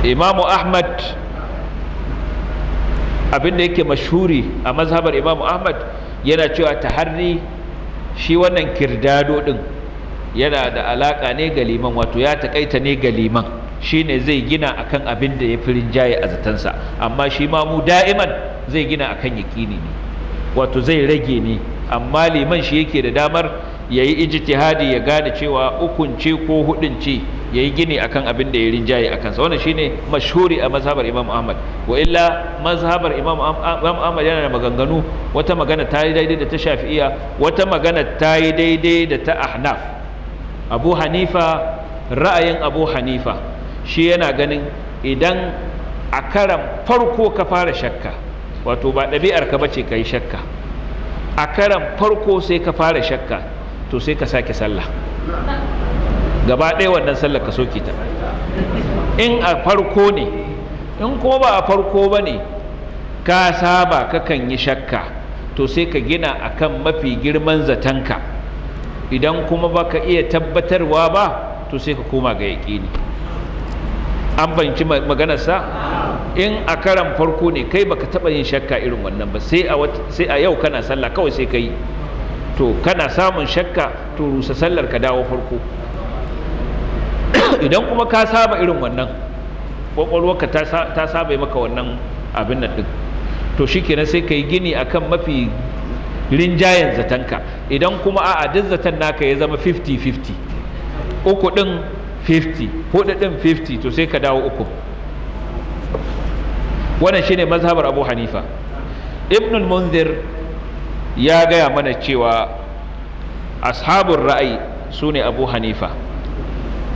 imamu ahmad abinda yake Mashuri a mazhabar imamu ahmad yana cewa ta taharri shi wannan kirdado din yana da alaka ne ga liman wato ya takaita ne ga liman shine zai gina akan abin da ya fi rinjaye a zatansa amma shi ma mu da'iman zai gina akan yaƙini ne wato zai rage ne amma liman shi yake da damar ya yi ijtihadi ya gane cewa ukun ko hudun ce ya yi gini akan abin da ya rinjaye a kansa wannan shine mashhuri a mazhabar imam ahmad wa illa mazhabar imam ahmad yana da maganganu wata magana ta yi daidai da ta shafi'iya wata magana tayi daidai da ta ahnaf abu hanifa ra'ayin abu hanifa shi yana ganin idan a karan farko ka fara shakka wato ba ɗabi'ar ka bace ka yi shakka a karan farko sai ka fara shakka to sai ka sake sallah gaba ɗaya wannan sallah ka soke ta in a farko ne in ko ba a farko ba ne ka saba ka kan yi shakka to sai ka gina akan mafi girman zatanka idan kuma baka iya tabbatarwa ba to sai ka koma ga yaƙini an banci maganarsa in a karan farko ne kai baka taɓa yin shakka irin wannan ba sai a yau kana sallah kawai sai ka yi to kana samun shakka to rusa sallar ka dawo farko idan kuma ka saba irin wannan ƙwaƙwalwarka ta saba maka wannan abin nan ɗin to shikenan sai ka yi gini akan mafi rinjayen zatanka idan kuma a duk zaton naka ya zama 50-50 uku ɗin 50 hudu ɗin 50 to sai ka dawo uku wannan shine mazhabar abu hanifa Ibnul munzir ya gaya mana cewa ashabun ra'ayi su ne abu hanifa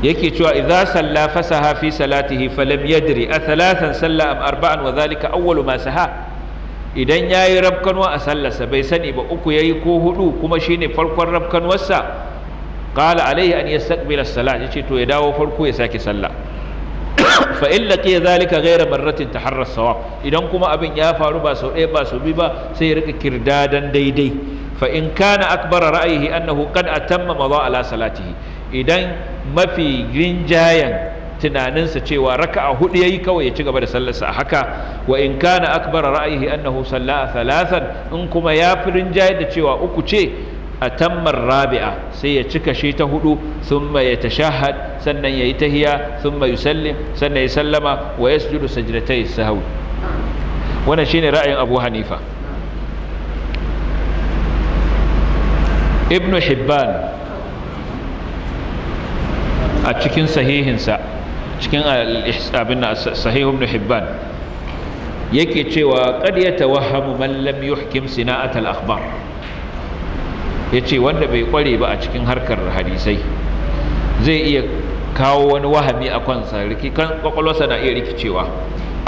yake cewa idza salla fasaha fi salatihi falam yadri a thalathan salla am arba'an wa dhalika awwalu ma saha idan ya yi rafkanuwa a sallarsa bai sani ba uku ya yi ko hudu kuma shi ne farkon rafkanuwarsa kala alaihi an yastaqbila salat ya ce to ya dawo farko ya sake sallah fa in laqiya zalika ghayra marratin ta sawab idan kuma abin ya faru ba sau ɗaya ba sau biyu ba sai ya rika kirdadan daidai fa in kana akbara ra'ayihi annahu qad atamma madha ala salatihi idan mafi rinjayen tunaninsa cewa raka'a hudu yayi kawai ya ci gaba da sallarsa a haka wa in kana akbar ra'ayihi annahu salla thalathan in kuma ya firin jayar da cewa uku ce a tammar rabi'a sai ya cika shi ta hudu thumma yatashahhad sannan yayi tahiya thumma yusallim sannan ya sallama wa yasjudu sajdatay sahwi wannan shine ra'ayin Abu Hanifa Ibn Hibban a cikin sahihinsa cikin abin sahih ibn hibban yake cewa qad yatawahhamu man lam yuhkim sina'at al-akhbar yace wanda bai kware ba a cikin harkar hadisai zai iya kawo wani wahami a kansa rikikan kwakwalwarsa na iya rikicewa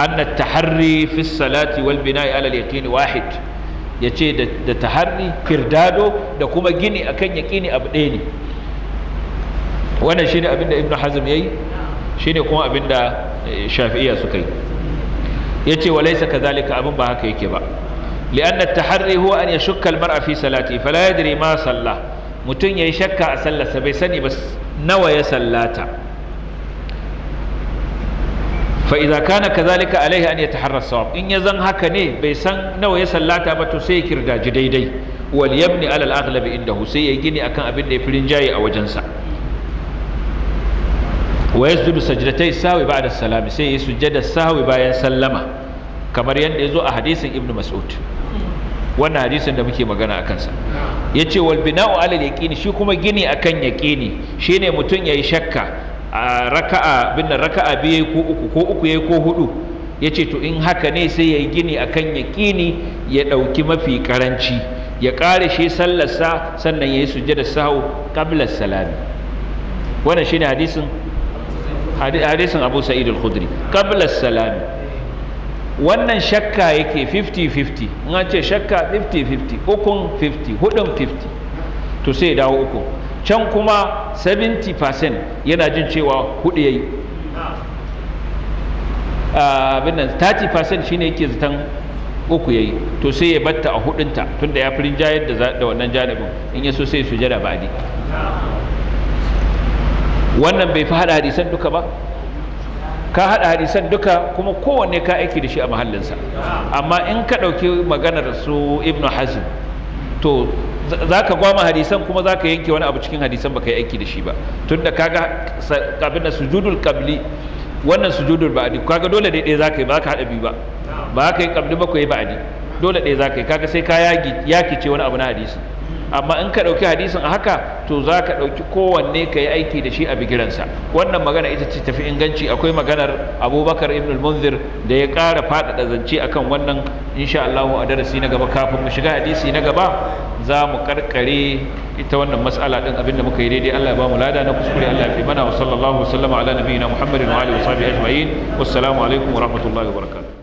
anna taharri fi salati wal bina'i ala al wahid yace da taharri kirdado da kuma gini akan yaqini abu ɗaya ne wannan shine abin da ibnu hazm yayi shine kuma abinda eh, shafi'iyya suka yi yace walaysa kadhalika abin ba haka yake ba li'anna at-tahri huwa an yashukka al-mar'a fi salati fala yadri ma salla mutun yayi shakka a sa bai sani ba nawa ya sallata fa idza kana kadhalika alayhi an yataharra sawab in zan haka ne bai san nawa ya sallata ba to sai ya kirdaji daidai wal yabni ala al-aghlab indahu sai ya gini akan abin da ya firin jayi a wajensa wa yasjudu sajdatai sawi ba'da salami sai yi sujjada sawi bayan sallama kamar yadda ya zo a hadisin ibnu mas'ud wannan hadisin da muke magana a kansa ya ce wal bina'u alal yaqini shi kuma gini akan yaqini shine mutum yayi shakka a raka'a bin raka'a biyu ko uku ko uku yayi ko hudu ya ce to in haka ne sai yayi gini akan yaqini ya dauki mafi karanci ya kare shi sallarsa sannan yayi sujjada sahu qabla salami wannan shine hadisin hadisin abu sa'id al-khudri qabla salami wannan shakka yake 50-50 in an ce shakka 50-50 ukun 50 hudun 50 to sai dawo uku can kuma 70% yana jin cewa hudu yayi ah, abin nan 30% shine yake zatan uku yayi to sai ya batta a hudunta tunda ya firin jayar da wannan janibin in ya so sai sujada ba'di wannan bai fi hada hadisan duka ba ka hada hadisan duka kuma kowanne ka aiki da shi a mahallinsa amma in ka ɗauki maganar su ibn hazm to za ka gwama hadisan kuma za ka yanke wani abu cikin hadisan ba ka yi aiki da shi ba tun da kaga abin da sujudul kabli wannan sujudul adi kaga dole dai za ka yi ba ka haɗa biyu ba ba ka yi kabli ba ku yi adi dole dai za ka yi kaga sai ka yaki ce wani abu na hadisi amma in ka ɗauki hadisin a haka to za ka ɗauki kowanne ka yi aiki da shi a bigiransa wannan magana ita ce tafi inganci akwai maganar abubakar ibn munzir da ya ƙara faɗaɗa zance akan wannan insha Allah a darasi na gaba kafin mu shiga hadisi na gaba za mu karkare ita wannan mas'ala ɗin abinda muka yi daidai Allah ya mu lada na kuskure Allah ya fi mana wa sallallahu wa sallama ala nabiyyina Muhammadin wa alihi wa sahbihi ajma'in wassalamu alaikum wa rahmatullahi wa barakatuh